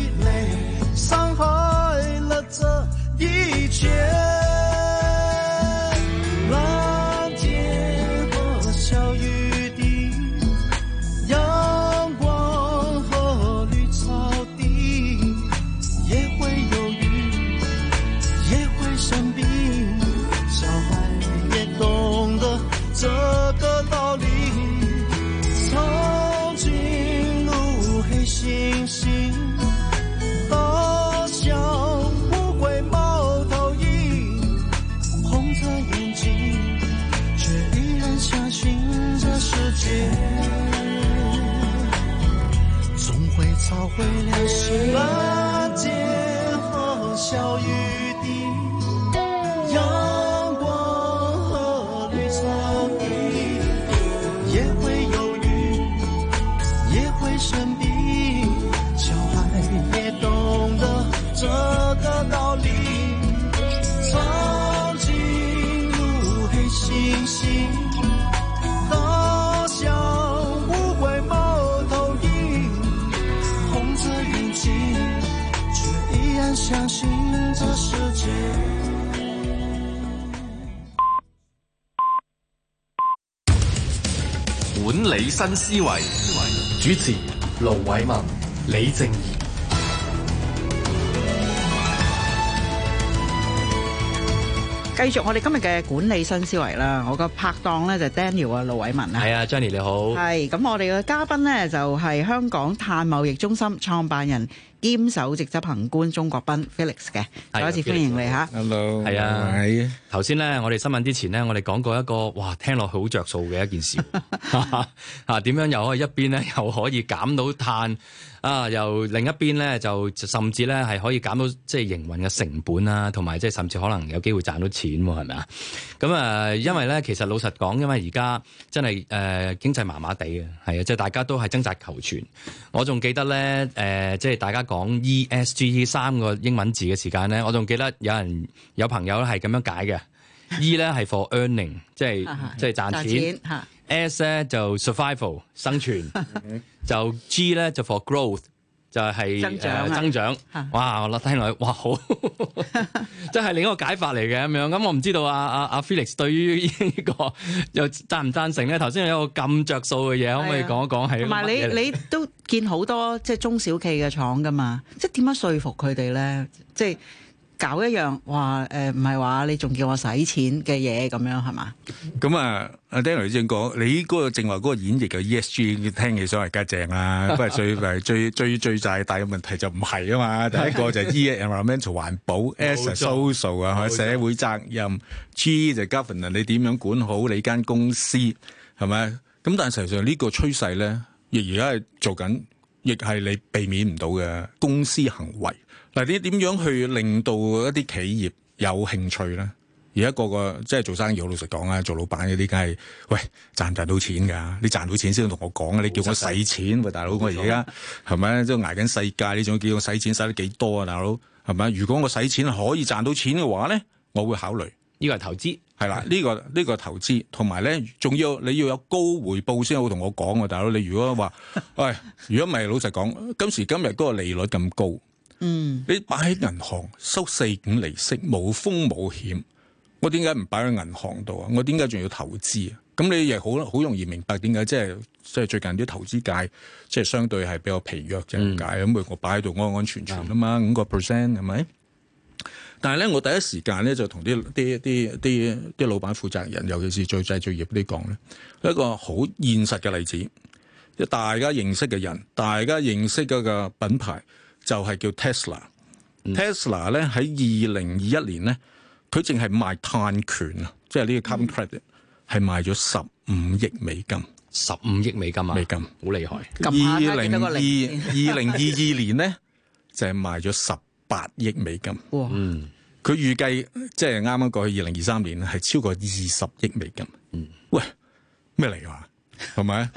管理新思維維主持：盧偉民、李靜宜。繼續我哋今日嘅管理新思維啦，我個拍檔咧就係 Daniel 啊，盧偉民啊。係啊，Jenny 你好。係咁，我哋嘅嘉賓咧就係、係、香港碳貿易中心創辦人兼首席執行官鍾國斌 Felix 嘅，再一次歡迎你嚇。Hello，係啊。頭先咧，我哋新聞之前咧，我哋講過一個哇，聽落好着數嘅一件事，啊點 *laughs* *laughs* 樣又可以一邊咧又可以減到碳？啊，又另一邊咧，就甚至咧係可以減到即係營運嘅成本啦、啊，同埋即係甚至可能有機會賺到錢喎，係咪啊？咁啊、呃，因為咧，其實老實講，因為而家真係誒、呃、經濟麻麻地啊，係啊，即係大家都係掙扎求存。我仲記得咧、呃，即係大家講 E S G 三個英文字嘅時間咧，我仲記得有人有朋友咧係咁樣解嘅 *laughs* ，E 咧係 for earning，即係 *laughs* 即係賺錢，S 咧 *laughs* 就 survival 生存。 *laughs* 就 G 咧就 for growth 就係、是、增長、啊呃、增長，哇！我睇落去哇好，即係另一個解法嚟嘅咁樣。咁我唔知道阿阿阿 Felix 對於呢、這個又贊唔贊成咧？頭先有一個咁着數嘅嘢，啊、可唔可以講一講係？唔係你你都見好多即係中小企嘅廠㗎嘛？即係點樣說服佢哋咧？即係。搞一樣話誒，唔係話你仲叫我使錢嘅嘢咁樣係嘛？咁啊，阿、 *laughs* 啊、Daniel 正講你嗰、嗰個正話嗰個演繹嘅 ESG，聽起上嚟梗係正啊，不過 *laughs* 最最最最最大嘅問題就唔係啊嘛。第一個就係 E，Environmental 環保，S social 啊，社會責任，G 就 governor 你點樣管好你間公司係咪？咁但係實際上呢個趨勢咧，亦而家係做緊，亦係你避免唔到嘅公司行為。嗱，你點樣去令到一啲企業有興趣咧？而家個個即係做生意，我老實講啊，做老闆嗰啲梗係喂，賺唔賺到錢噶，你賺到錢先同我講啊！你叫我使錢，是大佬我而家係咪即係挨緊世界？你仲叫我使錢使得幾多啊？大佬係咪？如果我使錢可以賺到錢嘅話咧，我會考慮。呢個係投資，係啦，這個這個、的呢個呢個投資，同埋咧，仲要你要有高回報先會同我講啊！大佬，你如果話喂、 *laughs* 哎，如果唔係，老實講，今時今日嗰個利率咁高。嗯，你擺喺銀行收四五厘息，冇風冇險，我點解唔擺喺銀行度啊？我點解仲要投資啊？咁你亦好好容易明白點解，即係即係最近啲投資界即係相對係比較疲弱，嘅、嗯。係咁解咁。我擺喺度安安全全啊嘛，五個 percent 係咪？但係咧，我第一時間咧就同啲啲啲啲啲老闆負責人，尤其是最製造業啲講咧，一個好現實嘅例子，即大家認識嘅人，大家認識嗰個品牌。就係叫 Tesla，Tesla 咧喺二零二一年咧，佢淨係賣碳權啊，即係呢個 carbon credit，係賣咗十五億美金，十五億美金啊，美金好厲害。二零二二零二二年咧，就係賣咗十八億美金。嗯，佢預計即係啱啱過去二零二三年咧，係超過二十億美金。嗯，喂，咩嚟噶？係咪？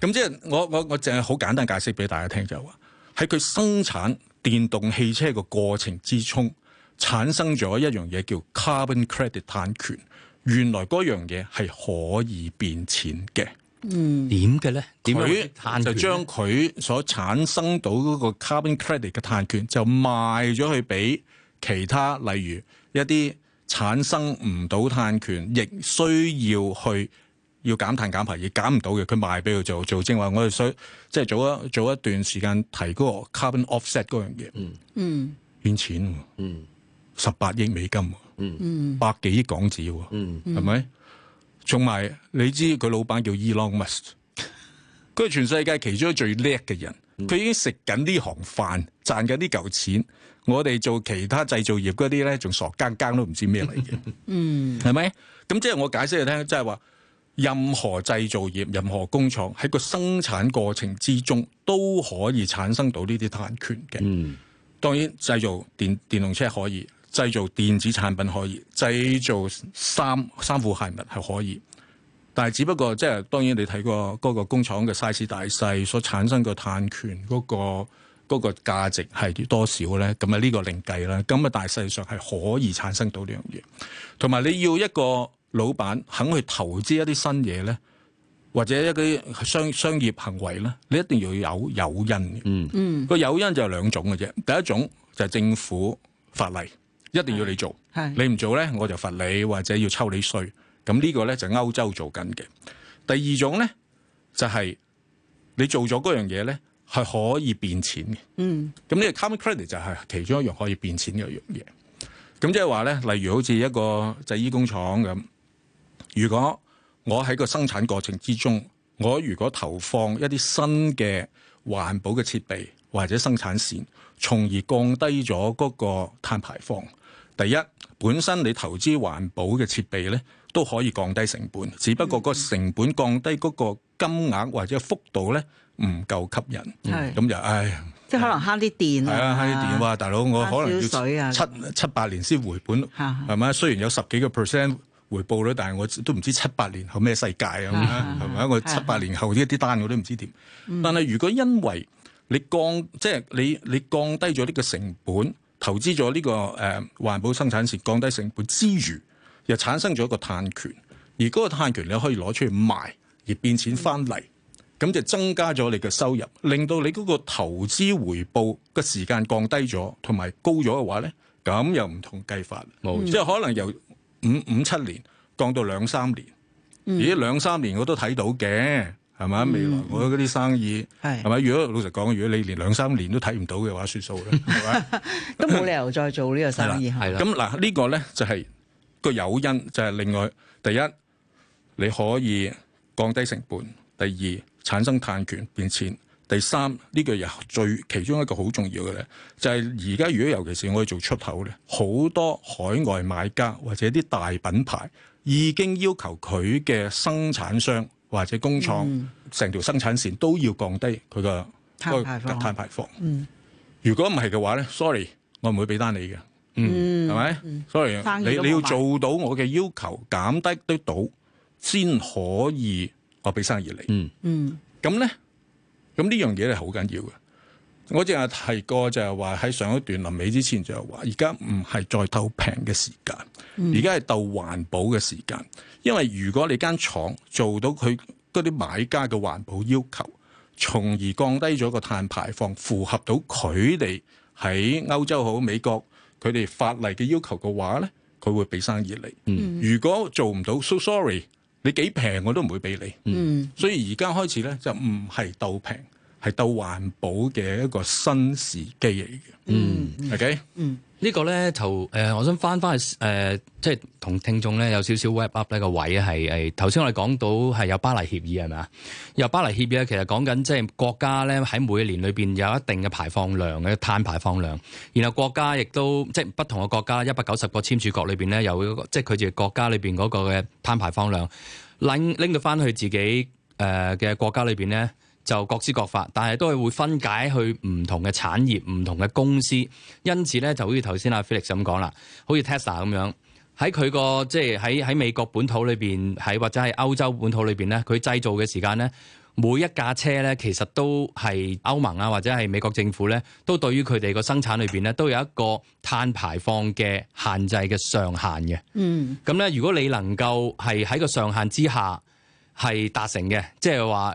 咁即係我我我淨係好簡單解釋俾大家聽就係話。喺佢生產電動汽車個過程之中，產生咗一樣嘢叫 carbon credit 碳權。原來嗰樣嘢係可以變錢嘅。嗯，點嘅咧？點嘅佢就將佢所產生到嗰個 carbon credit 嘅碳權，就賣咗去俾其他，例如一啲產生唔到碳權，亦需要去。要減碳減排而減唔到嘅，佢賣俾佢做，做正話我哋需即係做一做一段時間提嗰個 carbon offset 嗰樣嘢，嗯嗯，變錢，嗯，十八億美金，嗯百幾億港紙，嗯、mm.，係咪？仲埋你知佢老闆叫 Elon Musk，佢係全世界其中最叻嘅人，佢已經食緊呢行飯，賺緊呢嚿錢。我哋做其他製造業嗰啲咧，仲傻更更都唔知咩嚟嘅，嗯、mm.，係咪？咁即係我解釋你聽，即係話。任何製造業、任何工廠喺個生產過程之中，都可以產生到呢啲碳權嘅。嗯，當然製造電電動車可以，製造電子產品可以，製造衫衫褲鞋襪係可以。但係只不過即係當然你睇過嗰個工廠嘅 size 大細，所產生嘅碳權嗰個嗰個價值係多少咧？咁啊呢個另計啦。咁啊大致上係可以產生到呢樣嘢，同埋你要一個，老闆肯去投資一啲新嘢咧，或者一啲商商業行為咧，你一定要有誘因嘅。Mm. 嗯，個誘因就係兩種嘅啫。第一種就係政府法例一定要你做，係是你唔做咧，我就罰你或者要抽你稅。咁呢個咧就歐洲做緊嘅。第二種咧就係、是、你做咗嗰樣嘢咧係可以變錢嘅。嗯，咁呢個 carbon credit 就係其中一樣可以變錢嘅一樣嘢。咁即係話咧，例如好似一個製衣工廠咁。如果我喺個生產過程之中，我如果投放一啲新嘅環保嘅設備或者生產線，從而降低咗嗰個碳排放。第一，本身你投資環保嘅設備咧，都可以降低成本。只不過個成本降低嗰個金額或者幅度咧，唔夠吸引。係是，咁、嗯、就唉，即係可能慳啲電係啊。係啊，慳啲電哇！大佬，我可能要七水、啊、七,七八年先回本，係咪？雖然有十幾個 percent。回報咧，但係我都唔知七八年後咩世界啊，係咪我七八年後呢一啲單我都唔知點。但係如果因為你降，即係你你降低咗呢個成本，投資咗呢個誒環保生產線，降低成本之餘，又產生咗一個碳權，而嗰個碳權你可以攞出去賣，而變錢翻嚟，咁就增加咗你嘅收入，令到你嗰個投資回報嘅時間降低咗，同埋高咗嘅話咧，咁又唔同計法，即係可能由五五七年降到兩三年，而家兩三年我都睇到嘅，係咪？未來我嗰啲生意係，係、嗯、如果老實講，如果你連兩三年都睇唔到嘅話，算數啦，係 *laughs* 都冇理由再做呢個生意。係啦，咁嗱、這個、呢、就是、個咧就係個誘因，就係、是、另外第一你可以降低成本，第二產生碳權變錢。第三，呢個又最其中一個好重要嘅咧，就係而家如果尤其是我哋做出口咧，好多海外買家或者啲大品牌已經要求佢嘅生產商或者工廠成條生產線都要降低佢、嗯嗰個碳排放，碳排放。嗯，如果唔係嘅話咧，sorry，我唔會俾單你嘅。嗯，係咪？sorry，你你要做到我嘅要求，減低得到先可以，我俾生意你。嗯嗯，咁咧。咁呢樣嘢係好緊要嘅，我淨係提過，就係話喺上一段臨尾之前就係話，而家唔係再鬥平嘅時間，而家係鬥環保嘅時間。因為如果你間廠做到佢嗰啲買家嘅環保要求，從而降低咗個碳排放，符合到佢哋喺歐洲好美國佢哋法例嘅要求嘅話咧，佢會俾生意你。嗯、如果做唔到，So sorry。你幾平我都唔會俾你，嗯，所以而家開始咧就唔係鬥平，係鬥環保嘅一個新時機嚟嘅，嗯，OK？嗯這個呢個咧頭我想翻翻去、呃、即係同聽眾咧有少少 wrap up 呢個位係係頭先我哋講到係有巴黎協議係咪啊？有巴黎協議咧，其實講緊即係國家咧喺每年裏面有一定嘅排放量嘅碳排放量，然後國家亦都即係不同嘅國家一百九十個簽署國裏面咧，有即係佢哋國家裏面嗰個嘅碳排放量拎拎到翻去自己誒嘅、呃、國家裏面咧。就各施各法，但係都係會分解去唔同嘅產業、唔同嘅公司。因此咧，就好似頭先阿 Felix 咁講啦，好似 Tesla 咁樣，喺佢個即係喺喺美國本土裏邊，喺或者係歐洲本土裏邊咧，佢製造嘅時間咧，每一架車咧，其實都係歐盟啊，或者係美國政府咧，都對於佢哋個生產裏邊咧，都有一個碳排放嘅限制嘅上限嘅。嗯，咁咧，如果你能夠係喺個上限之下係達成嘅，即係話。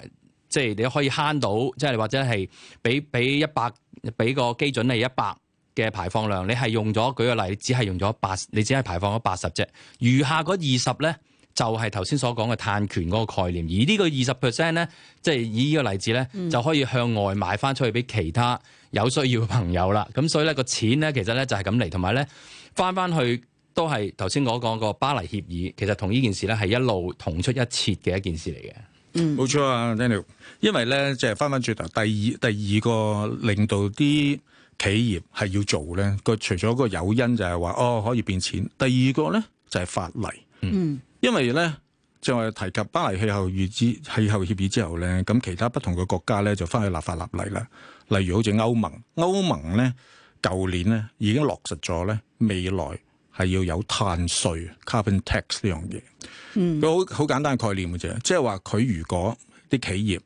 即係你可以慳到，即係或者係俾俾一百，俾個基準係一百嘅排放量，你係用咗，舉個例子，只係用咗八十，你只係排放咗八十啫。餘下嗰二十咧，就係頭先所講嘅碳權嗰個概念。而這個呢個二十 percent 咧，即係以呢個例子咧，嗯、就可以向外賣翻出去俾其他有需要嘅朋友啦。咁所以咧，個錢咧，其實咧就係咁嚟，同埋咧翻翻去都係頭先我講個巴黎協議，其實同呢件事咧係一路同出一轍嘅一件事嚟嘅。嗯，冇錯啊，Daniel。因為咧，就係翻返轉頭，第二第二個令到啲企業係要做咧，除個除咗個誘因就係話哦可以變錢，第二個咧就係、是、法例。嗯，因為咧就係我哋提及巴黎氣候預知氣候協議之後咧，咁其他不同嘅國家咧就翻去立法立例啦。例如好似歐盟，歐盟咧舊年咧已經落實咗咧，未來係要有碳稅 （carbon tax） 呢樣嘢。佢好好簡單嘅概念嘅啫，即係話佢如果啲企業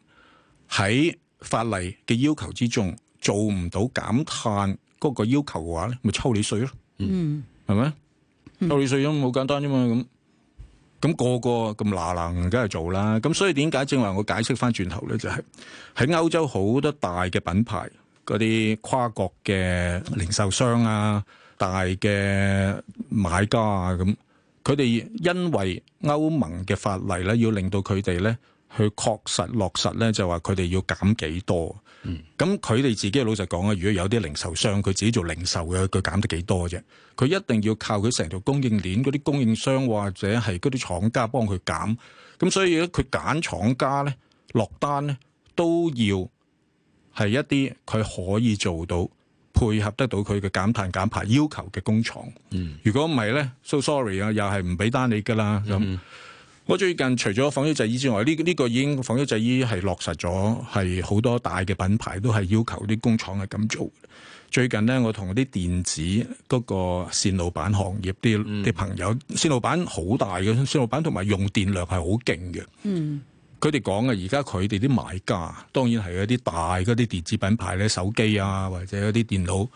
喺法例嘅要求之中做唔到減碳嗰個要求嘅話咧，咪抽你稅咯，係咪？抽你稅咁好簡單啫嘛，咁咁、咁個個咁，嗱嗱，梗係做啦。咁所以點解正話我解釋翻轉頭咧，就係喺歐洲好多大嘅品牌，嗰啲跨國嘅零售商啊、大嘅買家啊咁。佢哋因為歐盟嘅法例咧，要令到佢哋咧去確實落實咧，就話佢哋要減幾多。嗯。咁佢哋自己老實講啊，如果有啲零售商佢自己做零售嘅，佢減得幾多啫？佢一定要靠佢成條供應鏈嗰啲供應商或者係嗰啲廠家幫佢減。咁所以咧，佢揀廠家咧落單咧都要係一啲佢可以做到，配合得到佢嘅減碳減排要求嘅工廠，如果唔係咧，So sorry 啊，又係唔俾單你噶啦咁。我最近除咗紡織製衣之外，呢、這、呢個已經紡織製衣係落實咗，係好多大嘅品牌都係要求啲工廠係咁做。最近咧，我同啲電子嗰個線路板行業啲啲朋友、嗯線，線路板好大嘅，線路板同埋用電量係好勁嘅。嗯佢哋講嘅而家佢哋啲買家，當然係嗰啲大嗰啲電子品牌咧，手機啊，或者嗰啲電腦，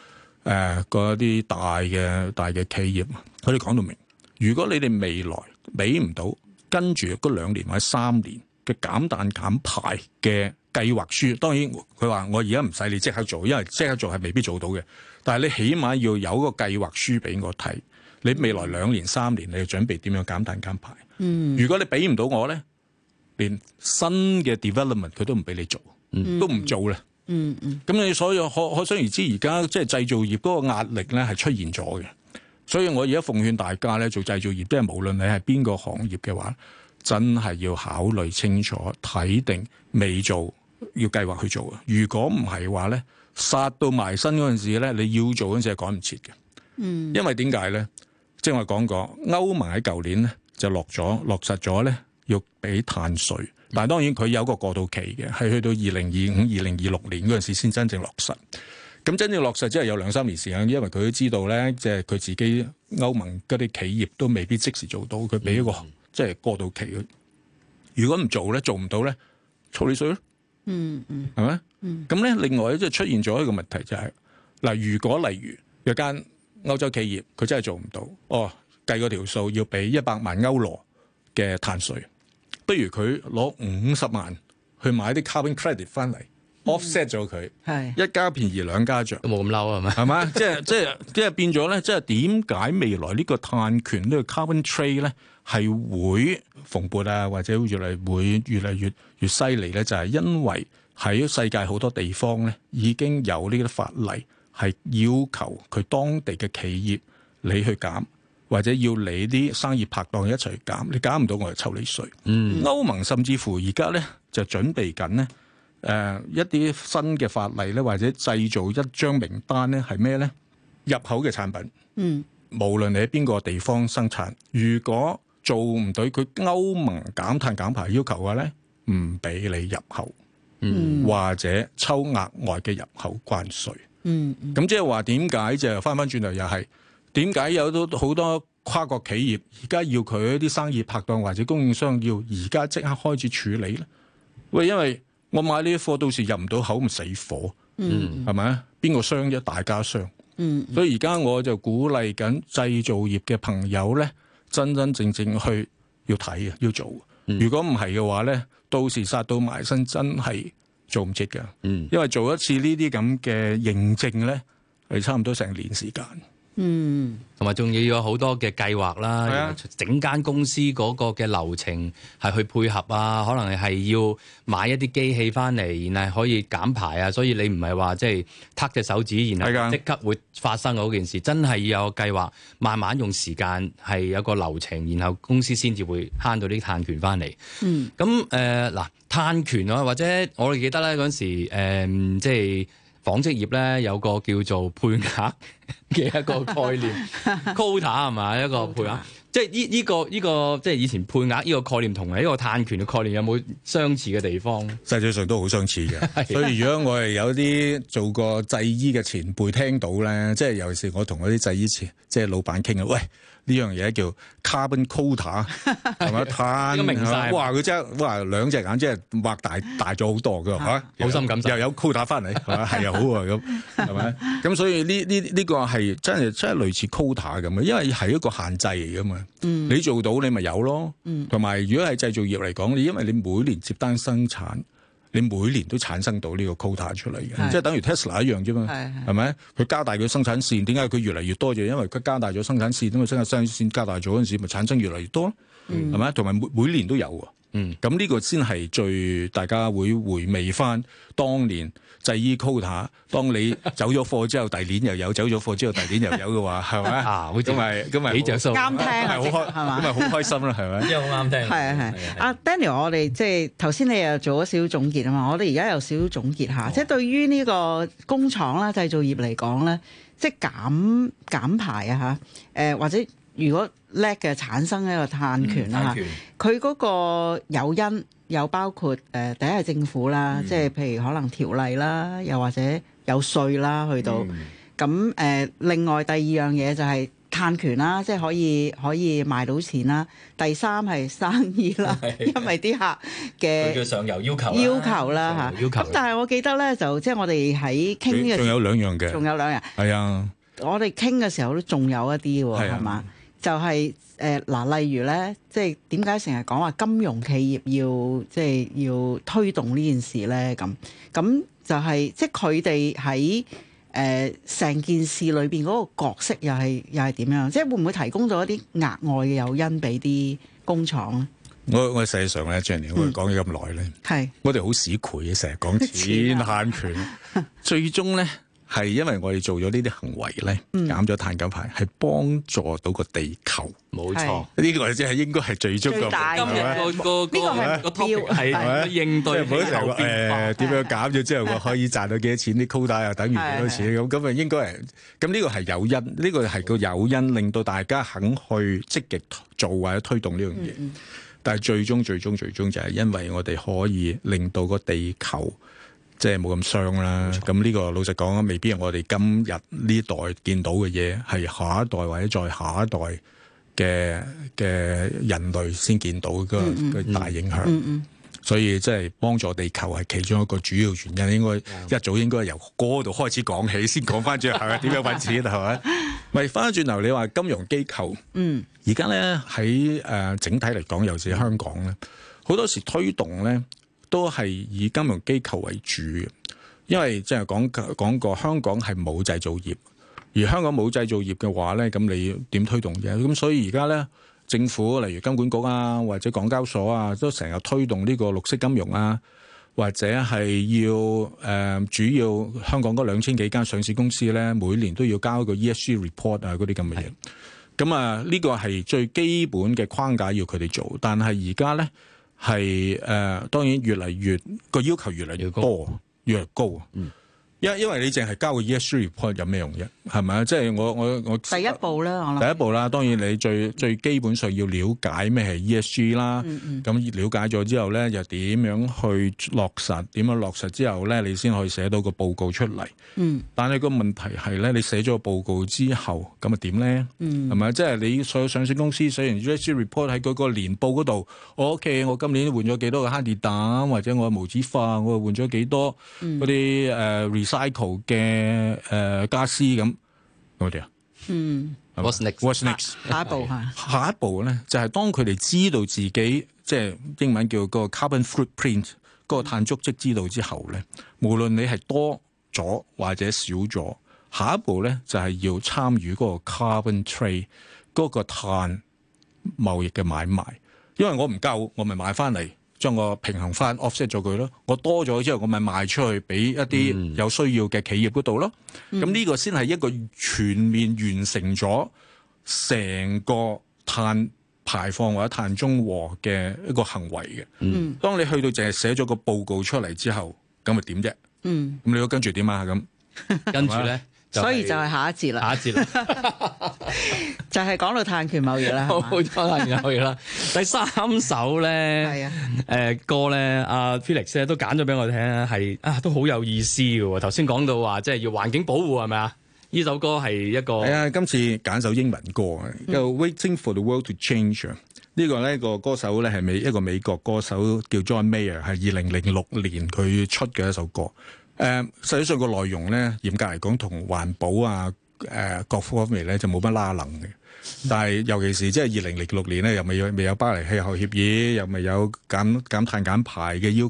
誒嗰啲大嘅大嘅企業，佢哋講到明。如果你哋未來俾唔到跟住嗰兩年或者三年嘅減碳減排嘅計劃書，當然佢話我而家唔使你即刻做，因為即刻做係未必做到嘅。但係你起碼要有個計劃書俾我睇，你未來兩年三年你要準備點樣減碳減排？嗯，如果你俾唔到我咧？連新嘅 development 佢都唔俾你做，嗯、都唔做啦。咁、嗯嗯、你所以可可想而知，而家即係製造業嗰個壓力咧係出現咗嘅。所以我而家奉勸大家咧做製造業，即係無論你係邊個行業嘅話，真係要考慮清楚、睇定未做，要計劃去做啊！如果唔係話咧，殺到埋身嗰陣時咧，你要做嗰陣時係趕唔切嘅。嗯，因為點解咧？即係我講過，歐盟喺舊年咧就落咗落實咗咧。要俾碳稅，但係當然佢有個過渡期嘅，係去到二零二五、二零二六年嗰陣時先真正落實。咁真正落實只係有兩三年時間，因為佢都知道咧，即係佢自己歐盟嗰啲企業都未必即時做到，佢俾一個即係、就是、過渡期。如果唔做咧，做唔到咧，儲你稅咯、嗯。嗯嗎嗯，係咪？咁咧，另外咧，即係出現咗一個問題就係，嗱，如果例如有間歐洲企業佢真係做唔到，哦，計嗰條數要俾一百萬歐羅嘅碳稅。不如佢攞五十萬去買啲 carbon credit 翻嚟 offset 咗佢，一家便宜兩家著，冇咁嬲係咪？係咪？即係即係即係變咗咧，即係點解未來呢個碳權呢個 carbon trade 咧係會蓬勃啊，或者越嚟會越嚟越越犀利咧？就係因為喺世界好多地方咧已經有呢啲法例係要求佢當地嘅企業你去減。或者要你啲生意拍檔一齊減，你減唔到我哋抽你稅。嗯，歐盟甚至乎而家咧就準備緊咧，誒、呃、一啲新嘅法例咧，或者製造一張名單咧，係咩咧？入口嘅產品，嗯，無論你喺邊個地方生產，如果做唔對，佢歐盟減碳減排要求嘅話咧，唔俾你入口，嗯，或者抽額外嘅入口關稅，嗯，嗯，咁即係話點解就翻翻轉頭又係？點解有都好多跨國企業而家要佢啲生意拍檔或者供應商要而家即刻開始處理咧？喂，因為我買呢啲貨到時入唔到口，唔死火，嗯，係咪啊？邊個傷咗大家傷？嗯，所以而家我就鼓勵緊製造業嘅朋友咧，真真正正去要睇啊，要做。嗯，如果唔係嘅話咧，到時殺到埋身真係做唔切噶。嗯，因為做一次呢啲咁嘅認證咧，係差唔多成年時間。嗯，同埋仲要有好多嘅計劃啦，整間公司嗰個嘅流程係去配合啊，可能係要買一啲機器翻嚟，然後可以減排啊。所以你唔係話即係擗隻手指，然後即刻會發生嗰件事，的真係要有計劃，慢慢用時間係有一個流程，然後公司先至會慳到啲碳權翻嚟。嗯，咁誒嗱碳權啊，或者我哋記得咧嗰陣時、呃、即係。紡織業咧有個叫做配額嘅一個概念，quota，係嘛一個配額，即係呢呢個呢、這個即係、就是、以前配額呢個概念同埋呢個碳權嘅概念有冇相似嘅地方？實際上都好相似嘅， *laughs* 所以如果我係有啲做過製衣嘅前輩聽到咧，即、就、係、是、尤其是我同嗰啲製衣前即係、就是、老闆傾啊，喂。呢樣嘢叫 carbon quota 係咪太明曬、啊、哇！佢真係哇，兩隻眼真係擘大大咗、啊、 *laughs* 又好多㗎嚇，好心感又有 quota 翻嚟係又好啊！咁係咪？咁 *laughs* 所以呢呢呢個係真係真係類似 quota 咁嘅，因為係一個限制嚟㗎嘛。嗯、你做到你咪有咯，同埋如果係製造業嚟講，你因為你每年接單生產。你每年都產生到呢個 quota 出嚟嘅，是即係等於 Tesla 一樣啫嘛，係咪是？佢加大佢生產線，點解佢越嚟越多？就因為佢加大咗生產線啊嘛，點解生產線加大咗嗰陣時，咪產生越嚟越多咯，係咪、嗯？同埋每每年都有喎、啊，咁呢、嗯、個先係最大家會回味翻當年。製衣、quota，當你走咗貨之後，第二年又有走咗貨之後，第二年又有嘅話，係咪啊？咁咪咁咪幾隻數啱聽啊？係嘛？咁咪好開心啦，係咪？因為好啱聽。係係。阿 Daniel，我哋即係頭先你又做咗少少總結啊嘛，我哋而家有少少總結下，即係對於呢個工廠啦、製造業嚟講咧，即係減減排啊嚇，誒或者如果叻嘅產生一個碳權啦，佢嗰個誘因。有包括誒、呃、第一係政府啦，嗯、即係譬如可能條例啦，又或者有稅啦去到咁誒、嗯呃。另外第二樣嘢就係碳權啦，即係可以可以賣到錢啦。第三係生意啦，是因為啲客嘅上游要求要求啦要求咁、啊、但係我記得咧，就即係、就係、我哋喺傾嘅仲有兩樣嘅，仲有兩樣係啊。我哋傾嘅時候都仲有一啲喎，係嘛、啊？就係誒嗱，例如咧，即係點解成日講話金融企業要即係要推動呢件事咧？咁咁就係、是、即係佢哋喺誒成件事裏邊嗰個角色又係又係點樣？即係會唔會提供咗一啲額外嘅誘因俾啲工廠咧？我我世上咧 Jenny 我講咗咁耐咧，係是我哋好市儈嘅，成日講錢，錢、啊、限權， *laughs* 最終咧。係因為我哋做咗呢啲行為咧，減咗碳減排，係幫助到個地球。冇錯，呢個即係應該係最終個最大個個個個標，係應對誒點樣減咗之後，我可以賺到幾多錢？啲 quota 又等於幾多錢？咁咁啊，應該咁呢個係誘因，呢個係個誘因，令到大家肯去積極做或者推動呢樣嘢。但係最終最終最終就係因為我哋可以令到個地球。即係冇咁傷啦。咁呢錯個老實講，未必係我哋今日呢代見到嘅嘢，係下一代或者再下一代嘅嘅人類先見到嗰個大影響。嗯嗯嗯嗯、所以即係、就是、幫助地球係其中一個主要原因，應該一早應該由嗰度開始講起，先講翻最後點樣揾錢係咪？咪翻咗轉頭說，你話金融機構，嗯，而家咧喺誒整體嚟講，尤其是香港咧，好多時推動咧。都係以金融機構為主，因為即係講講過香港係冇製造業，而香港冇製造業嘅話咧，咁你點推動啫？咁所以而家咧，政府例如金管局啊，或者港交所啊，都成日推動呢個綠色金融啊，或者係要誒、呃，主要香港嗰兩千幾間上市公司咧，每年都要交一個 ESG report 啊，嗰啲咁嘅嘢。咁是的 啊，呢個係最基本嘅框架要佢哋做，但係而家咧。係誒、呃，當然越嚟越個要求越嚟越多越嚟越高，越嚟越高嗯。因因為你淨係交個 ESG report 有咩用啫？係咪啊？即係我我我第一步咧，第一步啦。當然你最最基本上要了解咩係 ESG 啦。咁、嗯嗯、了解咗之後咧，又點樣去落實？點樣落實之後咧，你先可以寫到個報告出嚟。嗯。但係個問題係咧，你寫咗個報告之後，咁啊點咧？嗯。係咪？即係你所有上市公司寫完 ESG report 喺佢個年報嗰度，我屋企我今年換咗幾多個 hardy 蛋，或者我無紙化，我又換咗幾多嗰啲誒？嗯呃 cycle 嘅誒傢俬咁，好啲、呃、啊。嗯吧，what's next？ What's next? 下一步吓，下一步咧就係當佢哋知道自己即係英文叫個 carbon footprint 嗰個碳足跡，知道之後咧，無論你係多咗或者少咗，下一步咧就係要參與嗰個 carbon trade 嗰個碳貿易嘅買賣，因為我唔夠，我咪買翻嚟。將我平衡翻 offset 咗佢咯，我多咗之後我咪賣出去俾一啲有需要嘅企業嗰度咯。咁呢個，嗯，先係一個全面完成咗成個碳排放或者碳中和嘅一個行為嘅。嗯，當你去到淨係寫咗個報告出嚟之後，咁咪點啫？嗯，咁你都跟住點啊？咁跟住咧。吧就是、所以就係下一節啦。下一節啦， *laughs* *laughs* 就係講到碳權貿易啦，好多碳權嘢啦。 *laughs* 第三首咧，誒、啊呃、歌咧，阿 Felix 咧都揀咗俾我聽，係啊都好有意思嘅喎。頭先講到話即係要環境保護係咪啊？呢首歌係一個係啊，今次揀首英文歌、嗯、Waiting for the World to Change。呢、這個呢個歌手咧係美一個美國歌手叫 John Mayer，係二零零六年佢出嘅一首歌。誒、uh, 實際上個內容咧，嚴格嚟講同環保啊、誒、呃、各方面咧就冇乜拉能嘅。但係尤其是即係二零零六年咧，又未有未有巴黎氣候協議，又未有減減碳減排嘅要求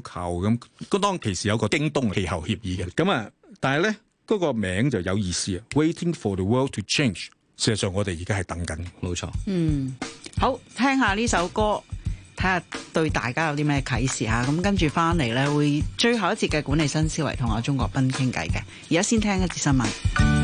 咁。咁當其時有個京東氣候協議嘅，咁啊，但係咧嗰個名就有意思啊。Waiting for the world to change，事實上我哋而家係等緊，冇錯。嗯，好，聽下呢首歌。睇下對大家有啲咩啟示嚇，咁跟住翻嚟咧會最後一節嘅管理新思維同我鍾國斌傾偈嘅，而家先聽一節新聞。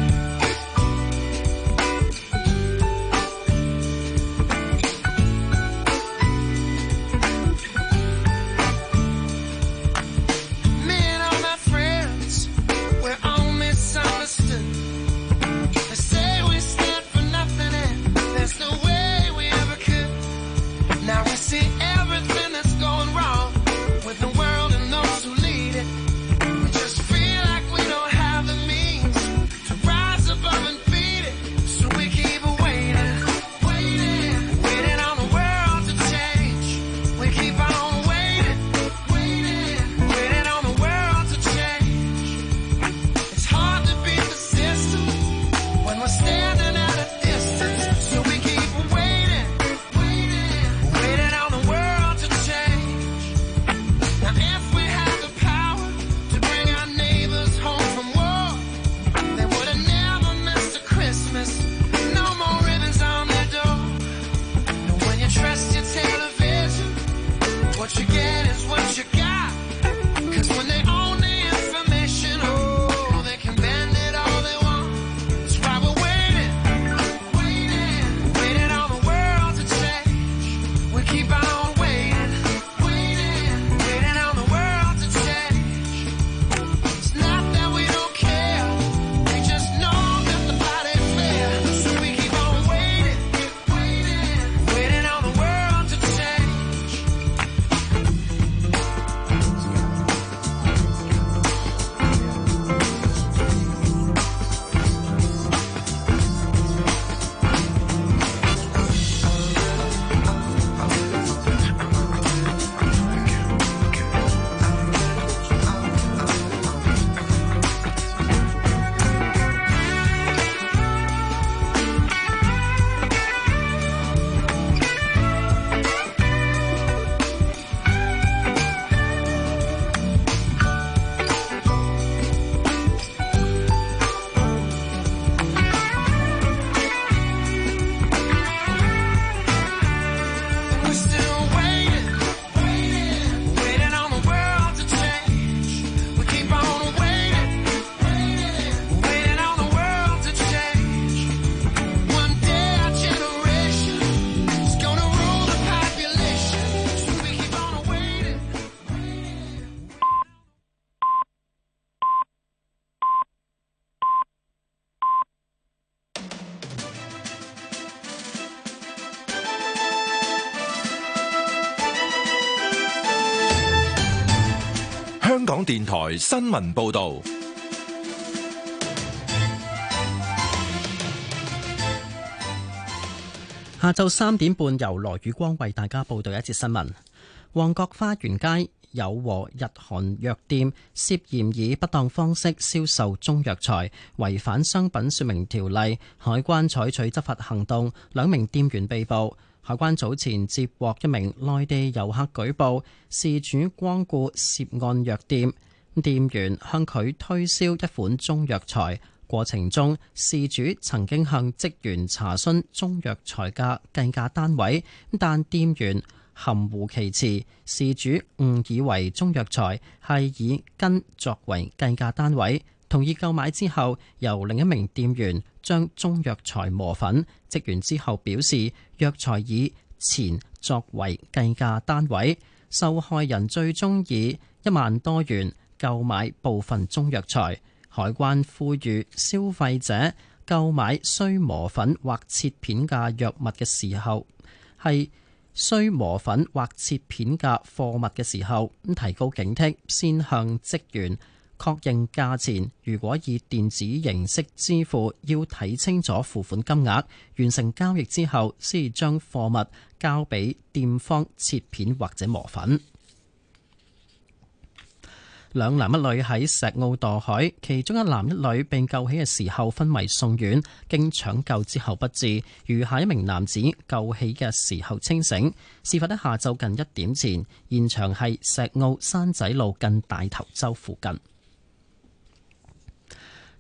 台新聞報導，下晝三點半由羅宇光為大家報道一節新聞。旺角花園街有和日韓藥店涉嫌以不當方式銷售中藥材，違反商品説明條例，海關採取執法行動，兩名店員被捕。海關早前接獲一名內地遊客舉報，事主光顧涉案藥店。店員向佢推銷一款中藥材過程中，事主曾經向職員查詢中藥材價計價單位，但店員含糊其辭，事主誤以為中藥材係以根作為計價單位，同意購買之後，由另一名店員將中藥材磨粉。職員之後表示藥材以錢作為計價單位，受害人最終以一萬多元。購買部分中藥材，海關呼籲消費者購買需磨粉或切片嘅藥物嘅時候，係需磨粉或切片嘅貨物嘅時候，提高警惕，先向職員確認價錢。如果以電子形式支付，要睇清楚付款金額。完成交易之後，先將貨物交俾店方切片或者磨粉。兩男一女喺石澳墮海，其中一男一女被救起嘅時候昏迷送院，經搶救之後不治。餘下一名男子救起嘅時候清醒。事發得下晝近一點前，現場係石澳山仔路近大頭洲附近。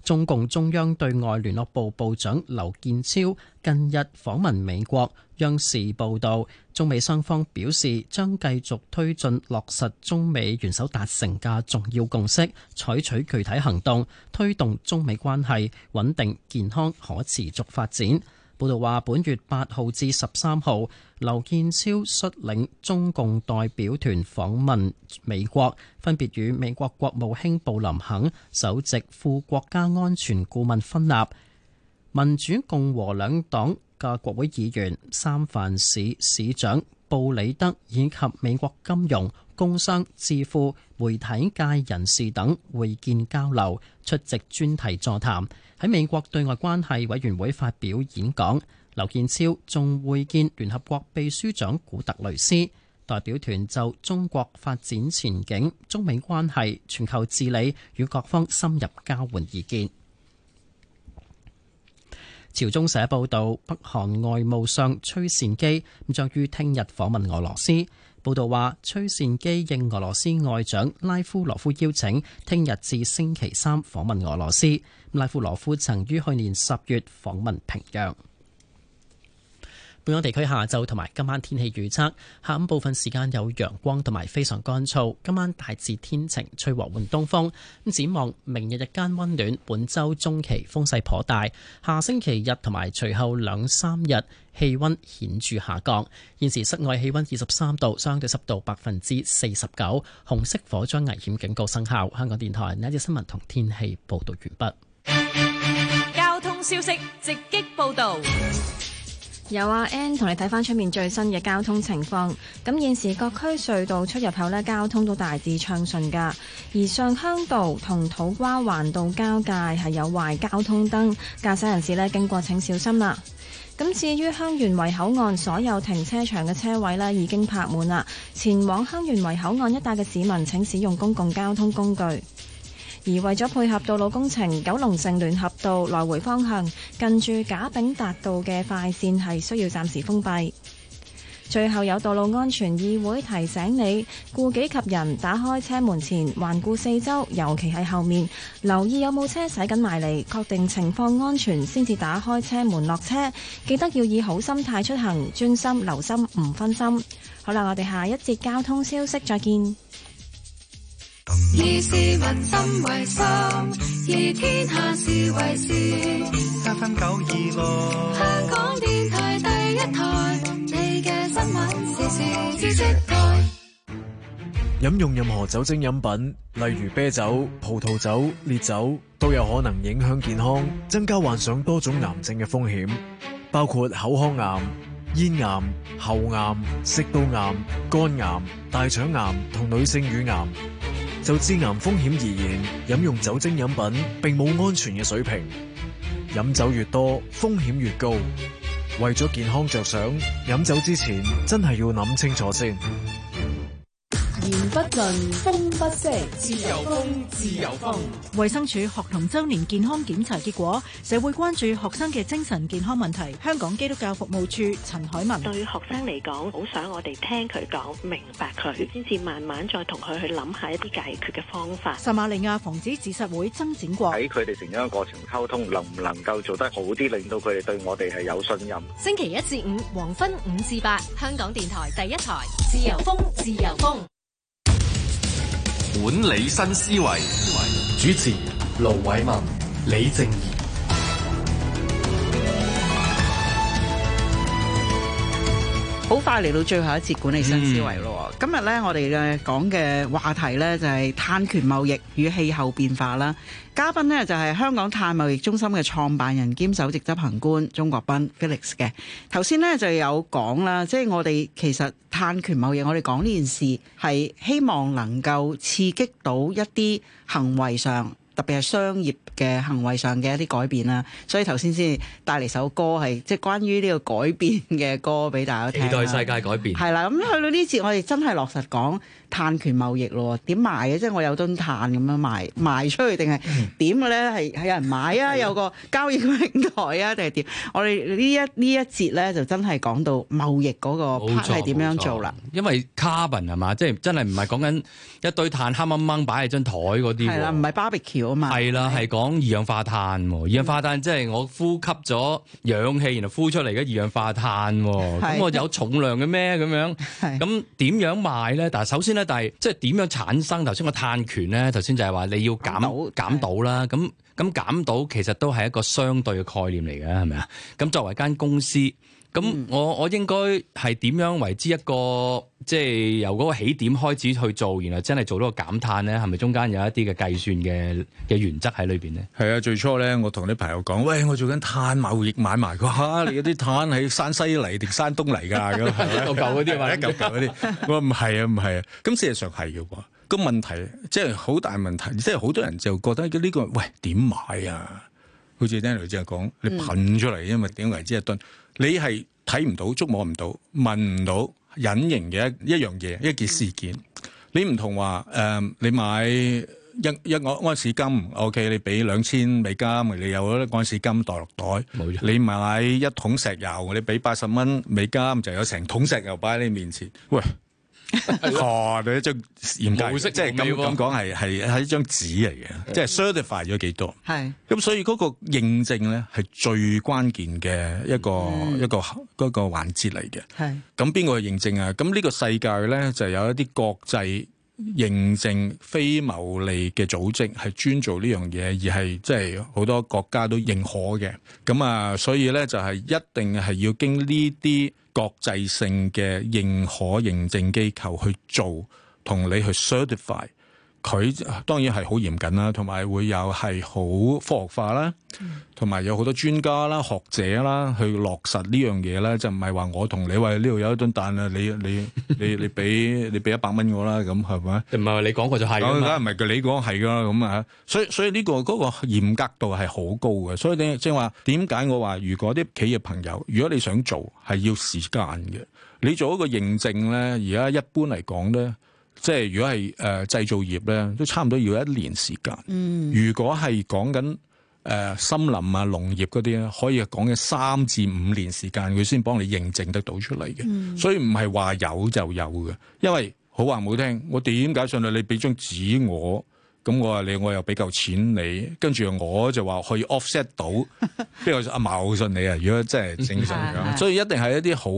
中共中央對外聯絡部部長劉建超近日訪問美國央視報道，中美雙方表示將繼續推進落實中美元首達成嘅重要共識，採取具體行動推動中美關係穩定、健康、可持續發展。報道話，本月八號至十三號，劉建超率領中共代表團訪問美國，分別與美國國務卿布林肯、首席副國家安全顧問芬納、民主共和兩黨嘅國會議員、三藩市市長布里德以及美國金融、工商、智庫、媒體界人士等會見交流，出席專題座談。喺美國對外關係委員會發表演講，劉建超仲會見聯合國秘書長古特雷斯，代表團就中國發展前景、中美關係、全球治理與各方深入交換意見。朝中社報道，北韓外務相崔善基咁將於聽日訪問俄羅斯。報道話，崔善姬應俄羅斯外長拉夫羅夫邀請，聽日至星期三訪問俄羅斯。拉夫羅夫曾於去年十月訪問平壤。本港地區下晝同埋今晚天氣預測：下午部分時間有陽光同埋非常乾燥，今晚大致天晴，吹和緩東風。展望明日日間温暖，本周中期風勢頗大，下星期日同埋隨後兩三日。氣溫顯著下降，現時室外氣溫二十三度，相對濕度百分之四十九，紅色火災危險警告生效。香港電台呢一節新聞同天氣報道完畢。交通消息直擊報道，有阿 N 同你睇翻出面最新嘅交通情況。咁現時各區隧道出入口呢，交通都大致暢順噶。而上鄉道同土瓜灣道交界係有壞交通燈，駕駛人士咧經過請小心啦，啊。咁至於香園圍口岸所有停車場嘅車位呢，已經泊滿啦，前往香園圍口岸一帶嘅市民請使用公共交通工具。而為咗配合道路工程，九龍城聯合道來回方向近住賈炳達道嘅快線係需要暫時封閉。最後有道路安全議會提醒你，顧己及人，打開車門前環顧四周，尤其係後面，留意有冇車駛緊埋嚟，確定情況安全先至打開車門落車。記得要以好心態出行，專心留心，唔分心。好啦，我哋下一節交通消息，再見。以事民心為心，以天下事為事。香港電台第一台。飲用任何酒精飲品，例如啤酒、葡萄酒、烈酒，都有可能影響健康，增加患上多種癌症嘅風險，包括口腔癌、咽癌、喉癌、食道癌、肝癌、大腸癌同女性乳癌。就致癌風險而言，飲用酒精飲品並冇安全嘅水平，飲酒越多，風險越高。為咗健康着想，飲酒之前真係要諗清楚先。言不盡，風不息，自由風，自由風。自由風。衛生署學童週年健康檢查結果，社會關注學生嘅精神健康問題。香港基督教服務處陳海文，對學生嚟講，好想我哋聽佢講，明白佢，先至慢慢再同佢去諗下一啲解決嘅方法。撒瑪利亞防止自殺會增展過喺佢哋成長嘅過程溝通，能唔能夠做得好啲，令到佢哋對我哋係有信任？星期一至五黃昏五至八，香港電台第一台自由風，自由風。管理新思維主持盧偉民、李靜宜。好快嚟到最後一節管理新思維咯！Mm. 今日咧，我哋咧講嘅話題咧就係碳權貿易與氣候變化啦。嘉賓咧就係香港碳貿易中心嘅創辦人兼首席執行官鍾國斌 （Felix） 嘅。頭先咧就有講啦，即係我哋其實碳權貿易，我哋講呢件事係希望能夠刺激到一啲行為上，特別係商業。嘅行為上嘅一啲改變啦，所以頭先先帶嚟首歌係即係關於呢個改變嘅歌俾大家聽，期待世界改變。係啦，咁去到呢節我哋真係落實講碳權貿易咯。點賣嘅？即係我有樽碳咁樣賣賣出去定係點嘅咧？係係有人買啊？有個交易平台啊？定係點？我哋呢一呢一節咧就真係講到貿易嗰個 part 係點樣做啦。因為 carbon 係嘛，即係真係唔係講緊一堆碳黑掹掹擺喺張台嗰啲。係啦，唔係 barbecue 啊嘛。係啦，係講。講二氧化碳，二氧化碳即係我呼吸咗氧氣，然後呼出嚟嘅二氧化碳，咁是我有重量嘅咩？咁樣，咁點是樣賣咧？但係首先咧，但係即係點樣產生？頭先個碳權咧，頭先就係話你要減減到，減到啦，咁咁是減到其實都係一個相對嘅概念嚟嘅，係咪啊？咁作為間公司。咁我我應該係點樣為之一個即係、就是、由嗰個起點開始去做，然後真係做到個減碳咧？係咪中間有一啲嘅計算嘅嘅原則喺裏邊咧？係啊，最初咧，我同啲朋友講，喂，我做緊碳貿易買賣㗎？ *laughs* 你啲碳喺山西嚟定山東嚟㗎？咁個舊嗰啲，或者舊舊嗰啲？我話唔係啊，唔係啊。咁事實上係嘅喎。個問題即係好大問題，即係好多人就覺得呢、呢個，喂點買啊？好似聽雷子又講，你噴出嚟，因為點為之一噸，你係睇唔到、捉摸唔到、問唔到，隱形嘅一一樣嘢、一件事件。嗯、你唔同話、呃、你買一一盎盎士金，OK，你俾兩千美金，你有安士金袋落袋。冇。你買一桶石油，你俾八十蚊美金，就有成桶石油擺喺你面前。喂！哦，你一張嚴格，即係咁咁講，係係一張紙嚟嘅，即係 certify 咗幾多係。咁所以嗰個認證咧係最關鍵嘅一個一個嗰個環節嚟嘅。係咁邊個去認證啊？咁呢個世界咧就有一啲國際認證非牟利嘅組織係專做呢樣嘢，而係即係好多國家都認可嘅。咁啊，所以咧就係一定係要經呢啲。國際性嘅認可認證機構去做，同你去 certify。佢當然係好嚴謹啦，同埋會有係好科學化啦，同埋有好多專家啦、學者啦去落實呢樣嘢啦，就唔係話我同你話呢度有一噸碳啊，你你你你俾你俾一百蚊我啦，咁係咪？唔係話你講過就係，咁係唔係？你講係噶啦，咁啊， *laughs* 所以所以呢個嗰、那個嚴格度係好高嘅，所以你即係話點解我話如果啲企業朋友，如果你想做係要時間嘅，你做一個認證咧，而家一般嚟講咧。即係如果係誒、呃、製造業咧，都差唔多要一年時間。嗯、如果係講緊誒森林啊、農業嗰啲咧，可以講緊三至五年時間，佢先幫你認證得到出嚟嘅。嗯、所以唔係話有就有嘅，因為好話唔好聽，我點解上了你俾張紙我？咁我話你，我又俾夠錢你，跟住我就話可以 offset 到比。邊個阿嫲好信你啊？如果真係正常咁， *laughs* 是的 所以一定係一啲好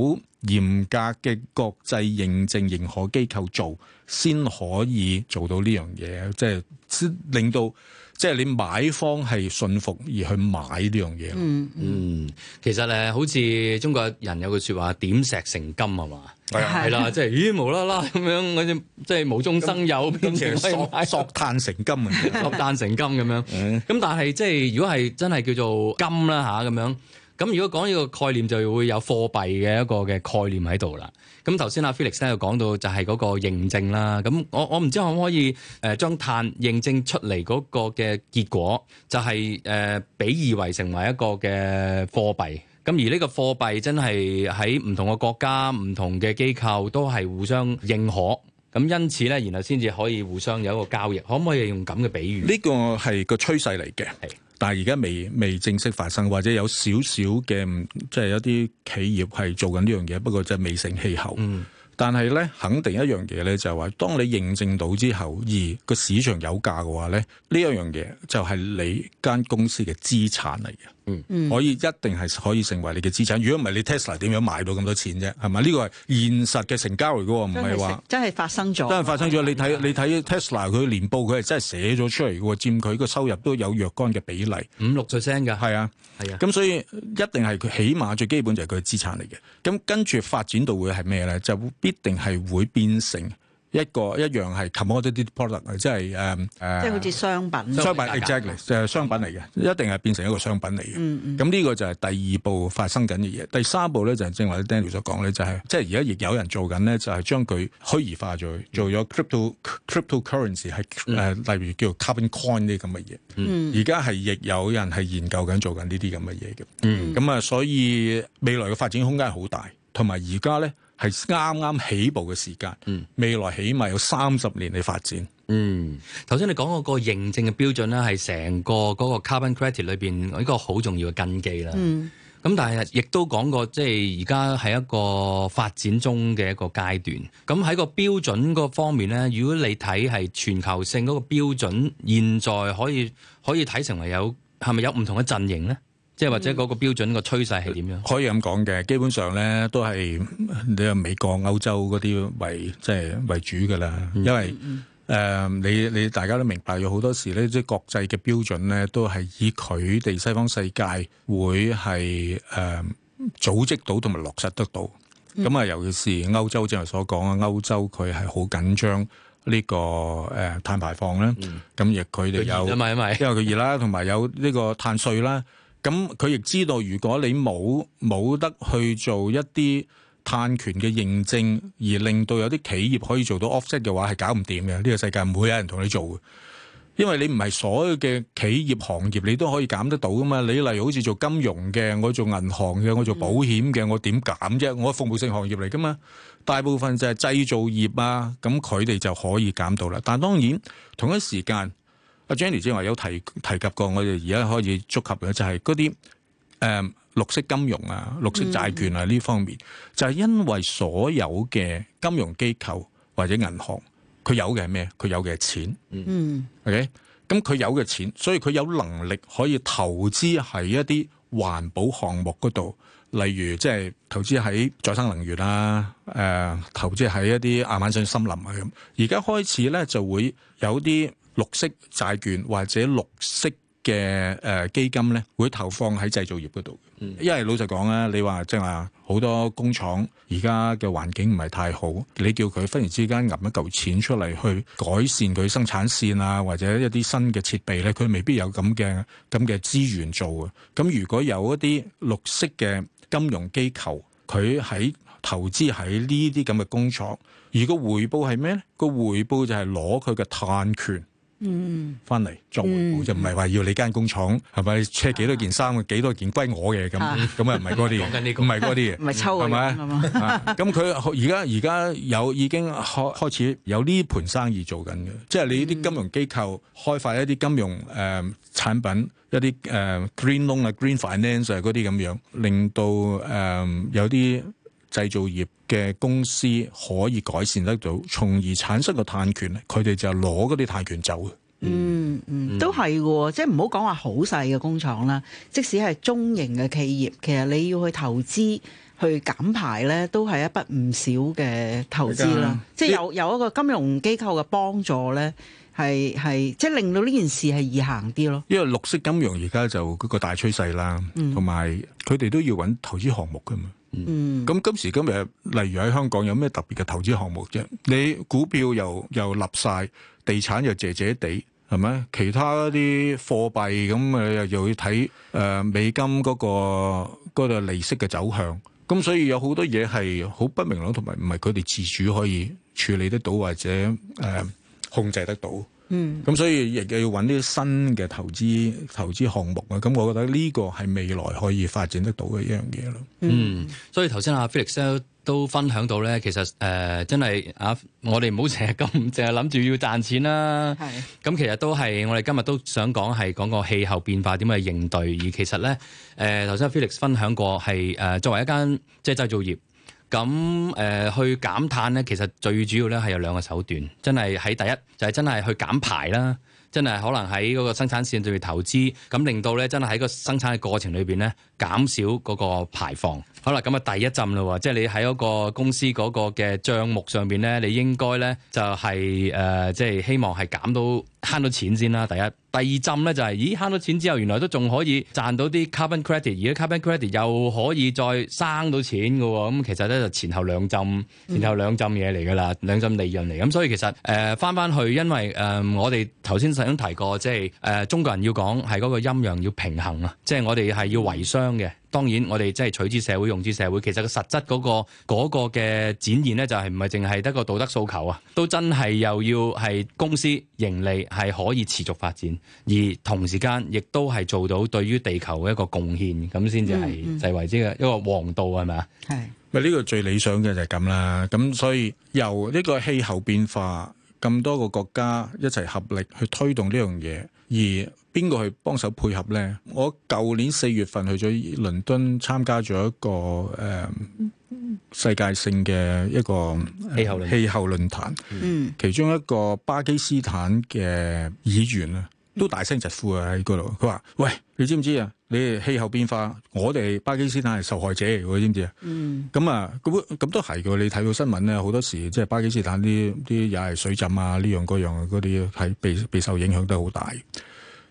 嚴格嘅國際認證認可機構做，先可以做到呢樣嘢，即係令到。即係你買方係信服而去買呢樣嘢。嗯，其實咧，好似中國人有句説話，點石成金係嘛？係啦，即係咦，無啦啦咁樣啲，即係無中生有，邊邊、嗯、可以索碳成金啊？索碳成金咁 *laughs* 樣。咁、嗯、但係即係如果係真係叫做金啦吓，咁、啊、樣。咁如果講呢個概念，就會有貨幣嘅一個嘅概念喺度啦。咁頭先阿 Felix 咧又講到就係嗰個認證啦。咁我我唔知可唔可以誒將碳認證出嚟嗰個嘅結果、就係，就係誒比喻為成為一個嘅貨幣。咁而呢個貨幣真係喺唔同嘅國家、唔同嘅機構都係互相認可。咁因此咧，然後先至可以互相有一個交易。可唔可以用咁嘅比喻？呢個係個趨勢嚟嘅。係。但係而家未未正式發生，或者有少少嘅，即係一啲企業係做緊呢樣嘢，不過即係未成氣候。嗯、但係咧，肯定一樣嘢咧，就係話，當你認證到之後，而個市場有價嘅話咧，呢一樣嘢就係你間公司嘅資產嚟嘅。嗯，可以一定係可以成為你嘅資產。如果唔係，你 Tesla 點樣買到咁多錢啫？係咪？呢個係現實嘅成交嚟噶喎，唔係話真係發生咗，真係發生咗。你睇看你睇 Tesla，佢年報佢係真係寫咗出嚟嘅喎，佔佢個收入都有若干嘅比例，五六 percent 噶，係啊，係啊。咁所以一定係，起碼最基本就係佢資產嚟嘅。咁跟住發展到會係咩咧？就必定係會變成。一個一樣係 commodity 啲啲 product，即係誒、呃、即係好似商，商品。Exactly, 商品 exactly 就係商品嚟嘅，一定係變成一個商品嚟嘅。咁呢、嗯嗯、個就係第二步發生緊嘅嘢。第三步咧就係正話 Daniel 所講咧，就係即係而家亦有人做緊咧，就係將佢虛擬化咗，做咗 cryptocurrency cry 係、嗯、例如叫做 carbon coin 啲咁嘅嘢。而家係亦有人係研究緊做緊呢啲咁嘅嘢嘅。咁啊、嗯，嗯、所以未來嘅發展空間係好大，同埋而家咧。係啱啱起步嘅時間，未來起碼有三十年嚟發展。頭先、嗯、你講嗰個認證嘅標準咧，係成個嗰個 carbon credit 裏邊一個好重要嘅根基啦。咁、嗯、但係亦都講過，即係而家係一個發展中嘅一個階段。咁喺個標準嗰方面咧，如果你睇係全球性嗰個標準，現在可以可以睇成為有係咪有唔同嘅陣營咧？即係或者嗰個標準個趨勢係點樣？可以咁講嘅，基本上咧都係你話美國、歐洲嗰啲為即係為主嘅啦。因為誒，你你大家都明白，有好多時咧，即係國際嘅標準咧，都係以佢哋西方世界會係誒組織到同埋落實得到。咁啊，尤其是歐洲，正如所講嘅，歐洲佢係好緊張呢個誒碳排放啦。咁亦佢哋有因為佢熱啦，同埋有呢個碳稅啦。咁佢亦知道，如果你冇冇得去做一啲碳權嘅認證，而令到有啲企業可以做到 offset 嘅話，係搞唔掂嘅。呢個世界唔會有人同你做嘅，因為你唔係所有嘅企業行業你都可以減得到噶嘛。你例如好似做金融嘅，我做銀行嘅，我做保險嘅，我點減啫？我服務性行業嚟噶嘛，大部分就係製造業啊，咁佢哋就可以減到啦。但當然同一時間。阿 Jenny 之話有提提及過，我哋而家開始觸及嘅就係嗰啲誒綠色金融啊、綠色債券啊呢、嗯、方面，就係、是、因為所有嘅金融機構或者銀行，佢有嘅係咩？佢有嘅係錢，嗯，OK，咁佢有嘅錢，所以佢有能力可以投資喺一啲環保項目嗰度，例如即係投資喺再生能源啊，誒、呃，投資喺一啲亞馬遜森林啊咁。而家開始咧就會有啲。綠色債券或者綠色嘅誒、呃、基金咧，會投放喺製造業嗰度。嗯、因為老實講啊，你話即係話好多工廠而家嘅環境唔係太好，你叫佢忽然之間揞一嚿錢出嚟去改善佢生產線啊，或者一啲新嘅設備咧，佢未必有咁嘅咁嘅資源做嘅。咁如果有一啲綠色嘅金融機構，佢喺投資喺呢啲咁嘅工廠，而個回報係咩咧？個回報就係攞佢嘅碳權。嗯，翻嚟做就唔係話要你間工廠係咪？出幾、嗯、多件衫，幾、啊、多件歸我嘅咁，咁啊唔係嗰啲，唔係嗰啲嘅，唔係抽嘅，係咪？咁佢而家而家有已經開開始有呢盤生意做緊嘅，即、就、係、是、你啲金融機構開發一啲金融誒、呃、產品，一啲誒 Green Loan 啊、green, an, Green Finance 啊嗰啲咁樣，令到誒、呃、有啲。製造業嘅公司可以改善得到，從而產生個碳權咧，佢哋就攞嗰啲碳權走。嗯嗯，嗯嗯都係嘅，即係唔好講話好細嘅工廠啦，即使係中型嘅企業，其實你要去投資去減排咧，都係一筆唔少嘅投資啦。的即係有有一個金融機構嘅幫助咧，係係即係令到呢件事係易行啲咯。因為綠色金融而家就嗰個大趨勢啦，同埋佢哋都要揾投資項目㗎嘛。嗯，咁今時今日，例如喺香港有咩特別嘅投資項目啫？你股票又又立晒，地產又借借地，係咪？其他啲貨幣咁，誒，又要睇誒、呃、美金嗰個嗰度利息嘅走向。咁所以有好多嘢係好不明朗，同埋唔係佢哋自主可以處理得到或者誒、呃、控制得到。嗯，咁所以亦要揾啲新嘅投資投資項目啊，咁我覺得呢個係未來可以發展得到嘅一樣嘢咯。嗯，所以頭先阿 Felix 都分享到咧，其實誒、呃、真係啊，我哋唔好成日咁，淨係諗住要賺錢啦。係是，咁其實都係我哋今日都想講係講個氣候變化點去應對，而其實咧誒頭、呃、先阿 Felix 分享過係誒、呃、作為一間即係製造業。咁、呃、去減碳咧，其實最主要咧係有兩個手段，真係喺第一就係、是、真係去減排啦，真係可能喺嗰個生產線上面投資，咁令到咧真係喺個生產嘅過程裏面咧減少嗰個排放。好啦，咁啊第一陣嘞喎，即係你喺嗰個公司嗰個嘅帳目上面咧，你應該咧就係、是呃、即係希望係減到慳到錢先啦，第一。第二浸咧就係、是，咦慳到錢之後，原來都仲可以賺到啲 carbon credit，而家 carbon credit 又可以再生到錢㗎喎、哦。咁、嗯、其實咧就前後兩浸，前後兩浸嘢嚟㗎啦，兩浸利潤嚟。咁所以其實返翻翻去，因為、呃、我哋頭先想提過，即、就、係、是呃、中國人要講係嗰個陰陽要平衡啊，即、就、係、是、我哋係要為商嘅。當然我哋即係取之社會用之社會，其實個實質嗰、那個嗰嘅、那個、展現咧，就係唔係淨係得個道德訴求啊？都真係又要係公司盈利係可以持續發展。而同時間亦都係做到對於地球嘅一個貢獻，咁先至係就係為之嘅一個黃道係咪啊？係咪呢、嗯嗯、呢個最理想嘅就係咁啦。咁所以由呢個氣候變化咁多個國家一齊合力去推動呢樣嘢，而邊個去幫手配合呢？我舊年四月份去咗倫敦參加咗一個、嗯、世界性嘅一個氣候氣候論壇，嗯，嗯其中一個巴基斯坦嘅議員都大聲疾呼啊！喺嗰度，佢話：喂，你知唔知啊？你氣候變化，我哋巴基斯坦係受害者嚟嘅，知唔知啊？嗯。咁啊，咁咁都係嘅。你睇到新聞咧，好多時即係巴基斯坦啲啲又係水浸啊，呢樣嗰樣嗰啲，係被被受影響都好大。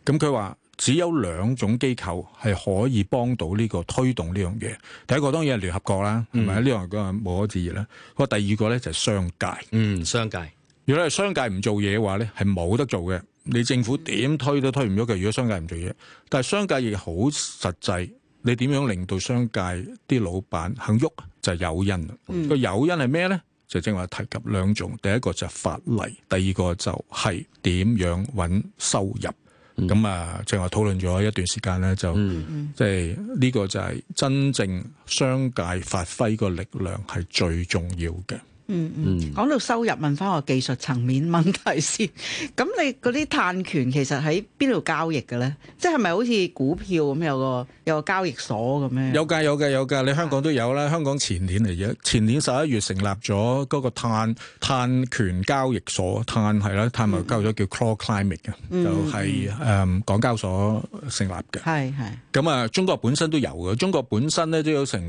咁佢話只有兩種機構係可以幫到呢個推動呢樣嘢。第一個當然係聯合國啦，係咪？呢樣嘅無可置疑啦。佢話第二個咧就係商界。嗯，商界。如果你係商界唔做嘢嘅話咧，係冇得做嘅。你政府點推都推唔喐嘅，如果商界唔做嘢。但係商界亦好實際，你點樣令到商界啲老闆肯喐就係誘因啦。個誘因係咩咧？就正、是、話、嗯、提及兩種，第一個就係法例，第二個就係點樣揾收入。咁、嗯、啊，正話討論咗一段時間咧，就即係呢個就係真正商界發揮個力量係最重要嘅。嗯嗯，講、嗯、到收入，問翻個技術層面問題先。咁你嗰啲碳權其實喺邊度交易嘅咧？即係咪好似股票咁有個有個交易所咁咧？有噶有噶有噶，你香港都有啦。香港前年嚟嘅，前年十一月成立咗嗰個碳碳權交易所，碳係啦，碳物交咗叫 Core Climate 嘅、嗯，就係、是、誒、呃、港交所成立嘅。係係。咁啊，中國本身都有嘅。中國本身咧都有成，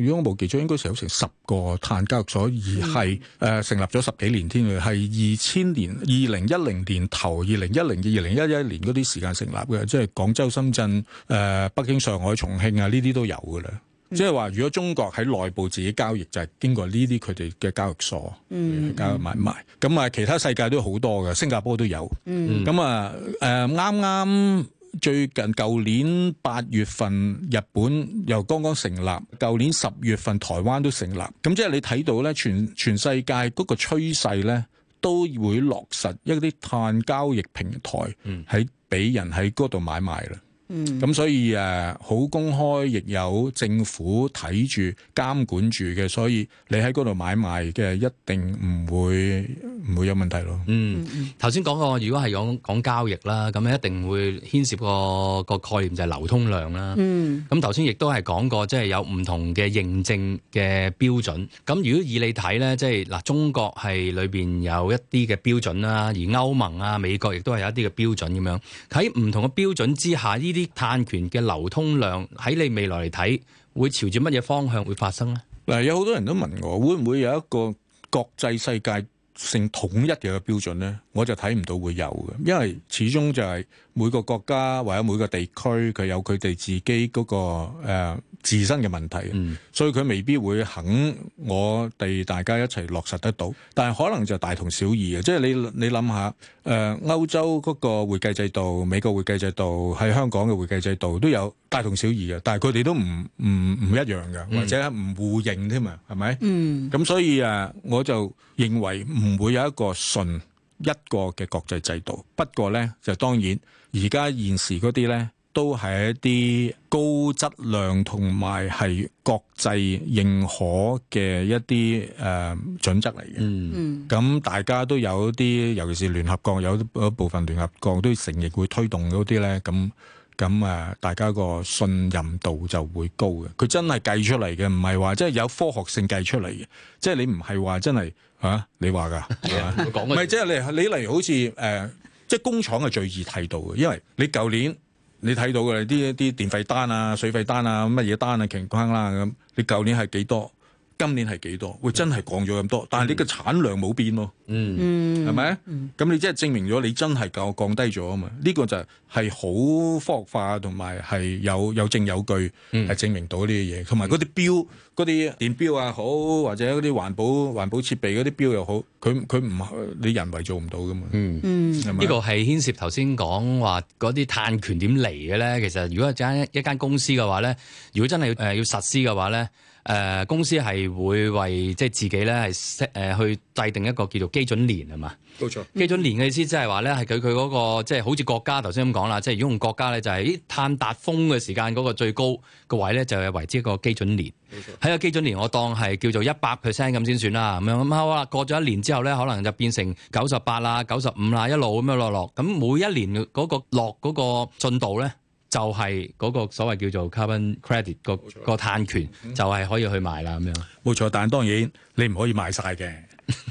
如果我冇記錯，應該成有成十個碳交易所以。嗯係誒、呃、成立咗十幾年添嘅，係二千年、二零一零年頭、二零一零至二零一一年嗰啲時間成立嘅，即係廣州、深圳、誒、呃、北京、上海、重慶啊，呢啲都有嘅啦。即係話，如果中國喺內部自己交易，就係、是、經過呢啲佢哋嘅交易所嚟、嗯、交易買賣。咁啊，其他世界都好多嘅，新加坡都有。咁啊、嗯，誒啱啱，呃剛剛最近舊年八月份日本又剛剛成立，舊年十月份台灣都成立，咁即係你睇到咧，全全世界嗰個趨勢咧都會落實一啲碳交易平台喺俾人喺嗰度買賣啦。嗯，咁所以誒好公開，亦有政府睇住、監管住嘅，所以你喺嗰度買賣嘅一定唔會唔會有問題咯。嗯，頭先講過，如果係講講交易啦，咁一定會牽涉個個概念就係流通量啦。嗯，咁頭先亦都係講過，即係有唔同嘅認證嘅標準，咁如果以你睇咧，即係嗱，中國係裏邊有一啲嘅標準啦，而歐盟啊、美國亦都係有一啲嘅標準，咁樣，喺唔同嘅標準之下，依啲碳權嘅流通量喺你未來嚟睇，會朝住乜嘢方向會發生呢？嗱，有好多人都問我，會唔會有一個國際世界性統一嘅標準呢？我就睇唔到會有嘅，因為始終就係每個國家或者每個地區，佢有佢哋自己嗰個誒。Uh, 自身嘅問題，所以佢未必會肯我哋大家一齊落實得到，但係可能就大同小異嘅。即係你你諗下，誒、呃、歐洲嗰個會計制度、美國會計制度、喺香港嘅會計制度都有大同小異嘅，但係佢哋都唔唔唔一樣嘅，或者唔互認添嘛，係咪、嗯？咁、嗯、所以誒、啊，我就認為唔會有一個純一個嘅國際制度。不過呢，就當然而家現，現時嗰啲呢。都係一啲高質量同埋係國際認可嘅一啲誒準則嚟嘅。嗯，咁大家都有一啲，尤其是聯合國有一部分聯合國都承認會推動嗰啲咧。咁咁誒，大家個信任度就會高嘅。佢真係計出嚟嘅，唔係話真係有科學性計出嚟嘅。即係你唔係話真係啊？你話噶係嘛？講嘅唔係即係你，你例如好似誒、呃，即係工廠係最易睇到嘅，因為你舊年。你睇到嘅呢啲電費單啊、水費單啊、乜嘢單啊、情況啦咁，你舊年係幾多？今年係幾多？會，真係降咗咁多，但係你嘅產量冇變咯、啊。嗯，係咪？咁你即係證明咗你真係夠降低咗啊嘛？呢、呢個就係好科學化同埋係有有證有據，係證明到呢啲嘢。同埋嗰啲標，嗰啲電標啊好，或者嗰啲環保環保設備嗰啲標又好，佢佢唔你人為做唔到噶嘛？嗯嗯，呢個係牽涉頭先講話嗰啲碳權點嚟嘅咧。其實如果真一間公司嘅話咧，如果真係誒要、呃、要實施嘅話咧。誒、呃、公司係會為即係自己咧係誒去制定一個叫做基準年係嘛，冇錯。基準年嘅意思即係話咧係佢佢嗰個即係、就是、好似國家頭先咁講啦，即係如果用國家咧就係、是、碳達峯嘅時間嗰個最高個位咧就係、是、為之一個基準年。喺錯個基準年，我當係叫做一百 percent 咁先算啦，咁樣咁好啦。過咗一年之後咧，可能就變成九十八啦、九十五啦，一路咁樣落落。咁每一年嗰個落嗰個進度咧？就係嗰個所謂叫做 carbon credit 嘅、嗰個個碳權，就係可以去賣啦咁樣。冇、嗯嗯嗯、錯，但係當然你唔可以賣晒嘅，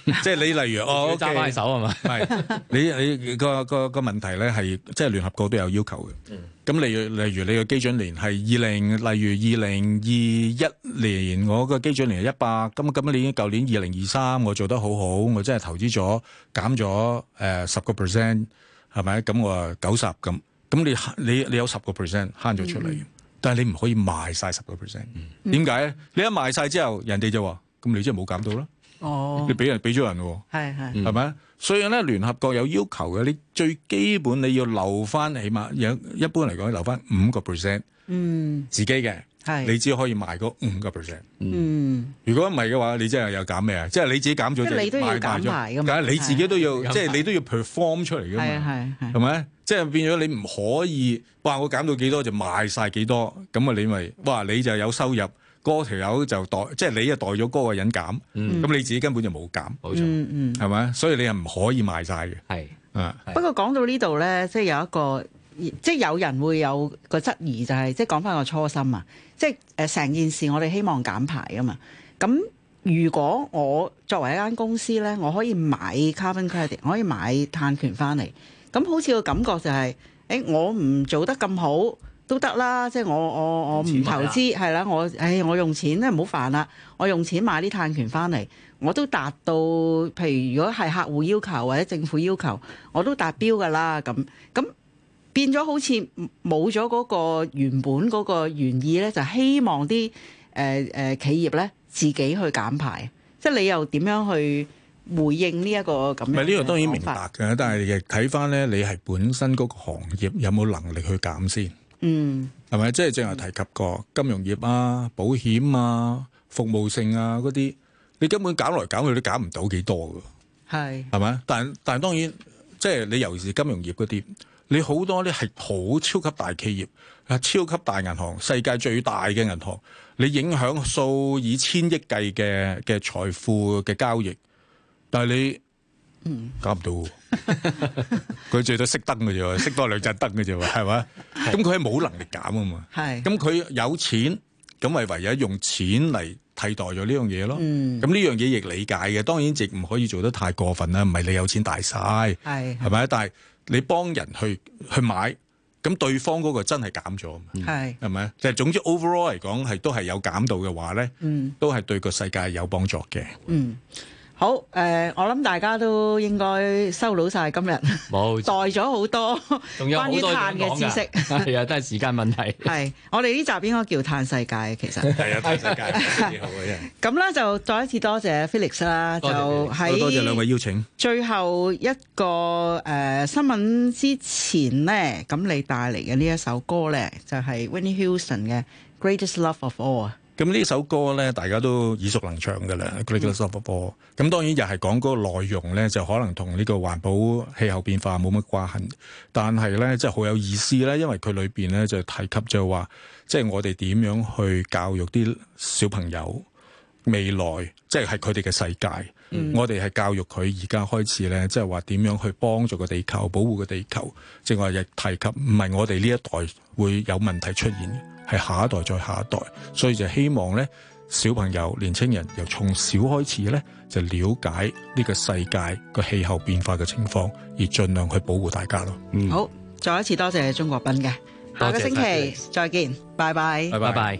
即 *laughs* 係你例如哦，揸翻手係嘛？係 OK, 你你個、 *laughs* 嗰個個個問題咧係，即、就、係、是、聯合國都有要求嘅。咁你、嗯，例如你個基準年係二零，例如二零二一年，我個基準年係一百。咁咁已經，舊年二零二三，我做得好好，我真係投資咗減咗誒十個 percent，係咪？咁我九十咁。咁你慳你你有十個 percent 慳咗出嚟，嗯、但係你唔可以賣晒十個 percent，點解咧？你一賣晒之後，人哋就話，咁你即係冇減到啦。哦，你俾人俾咗人喎。係係，係咪啊？所以咧，聯合國有要求嘅，你最基本你要留翻起碼有一般嚟講留翻五個 percent，嗯，自己嘅。嗯你只可以賣嗰五個 percent。嗯，如果唔係嘅話，你真係又減咩啊？即係你自己減咗就賣咗。你自己都要，即係的你都要 perform 出嚟㗎嘛。係啊係係。係咪？即係變咗你唔可以，哇！我減到幾多就賣晒幾多，咁啊你咪哇！你就有收入，個條友就代，即係你啊代咗嗰個人減。咁、嗯、你自己根本就冇減。冇錯。係咪、嗯嗯、所以你係唔可以賣晒嘅。係。啊。的不過講到呢度咧，即係有一個。即係有人會有個質疑，就係即係講翻個初心啊！即係成件事，我哋希望減排啊嘛。咁如果我作為一間公司咧，我可以買 carbon credit，我可以買碳權翻嚟。咁好似個感覺就係，誒我唔做得咁好都得啦。即係我我我唔投資係啦。我誒我用錢咧唔好煩啦。我用錢買啲碳權翻嚟，我都達到。譬如如果係客戶要求或者政府要求，我都達標㗎啦。咁咁。變咗好似冇咗嗰個原本嗰個原意咧，就希望啲、呃、企業咧自己去減排，即係你又點樣去回應呢一個咁樣？呢個當然明白嘅，但係亦睇翻咧，你係本身嗰個行業有冇能力去減先？嗯，係咪？即係正係提及過金融業啊、保險啊、服務性啊嗰啲，你根本減來減去都減唔到幾多㗎。係係咪？但但當然，即係你尤其是金融業嗰啲。你好多咧係好超級大企業啊，超級大銀行，世界最大嘅銀行，你影響數以千億計嘅嘅財富嘅交易，但係你、嗯、搞唔到，佢 *laughs* 最多熄燈嘅啫，熄多兩隻燈嘅啫，係咪？咁佢係冇能力減啊嘛。係，咁佢有錢，咁咪唯有用錢嚟替代咗呢樣嘢咯。咁呢、嗯、樣嘢亦理解嘅，當然亦唔可以做得太過分啦。唔係你有錢大晒，係係咪？但係。你幫人去去買，咁對方嗰個真係減咗，係咪？mm。即係總之 overall 嚟講，係都係有減到嘅話咧，mm. 都係對個世界有幫助嘅。Mm. 好，誒、呃，我諗大家都應該收到晒。今日錯，冇代咗好多關於碳嘅知識，係啊， *laughs* 都係時間問題。係， *laughs* 我哋呢集應該叫碳世界，其實係啊，碳 *laughs* 世界好嘅。咁咧 *laughs* *laughs* *laughs* 就再一次多謝 Felix，多謝 Felix 啦，就喺在 多謝兩位邀請。最後一個、呃、新聞之前咧，咁你帶嚟嘅呢一首歌咧，就係、是、Whitney Houston 嘅《Greatest Love of All》。咁呢首歌咧，大家都耳熟能詳噶啦，佢叫做《Supper》。咁當然又係講嗰個內容咧，就可能同呢個環保氣候變化冇乜關係。但係咧，即係好有意思咧，因為佢裏面咧就提及就係話，即係我哋點樣去教育啲小朋友未來，即係佢哋嘅世界。Mm hmm. 我哋係教育佢而家開始咧，即係話點樣去幫助個地球、保護個地球。正話亦提及，唔係我哋呢一代會有問題出現。係下一代，再下一代，所以就希望咧，小朋友、年青人由從小開始咧，就了解呢個世界個氣候變化嘅情況，而盡量去保護大家咯。嗯，好，再一次多謝鍾國斌嘅，下個星期再見，謝謝，拜拜，拜拜。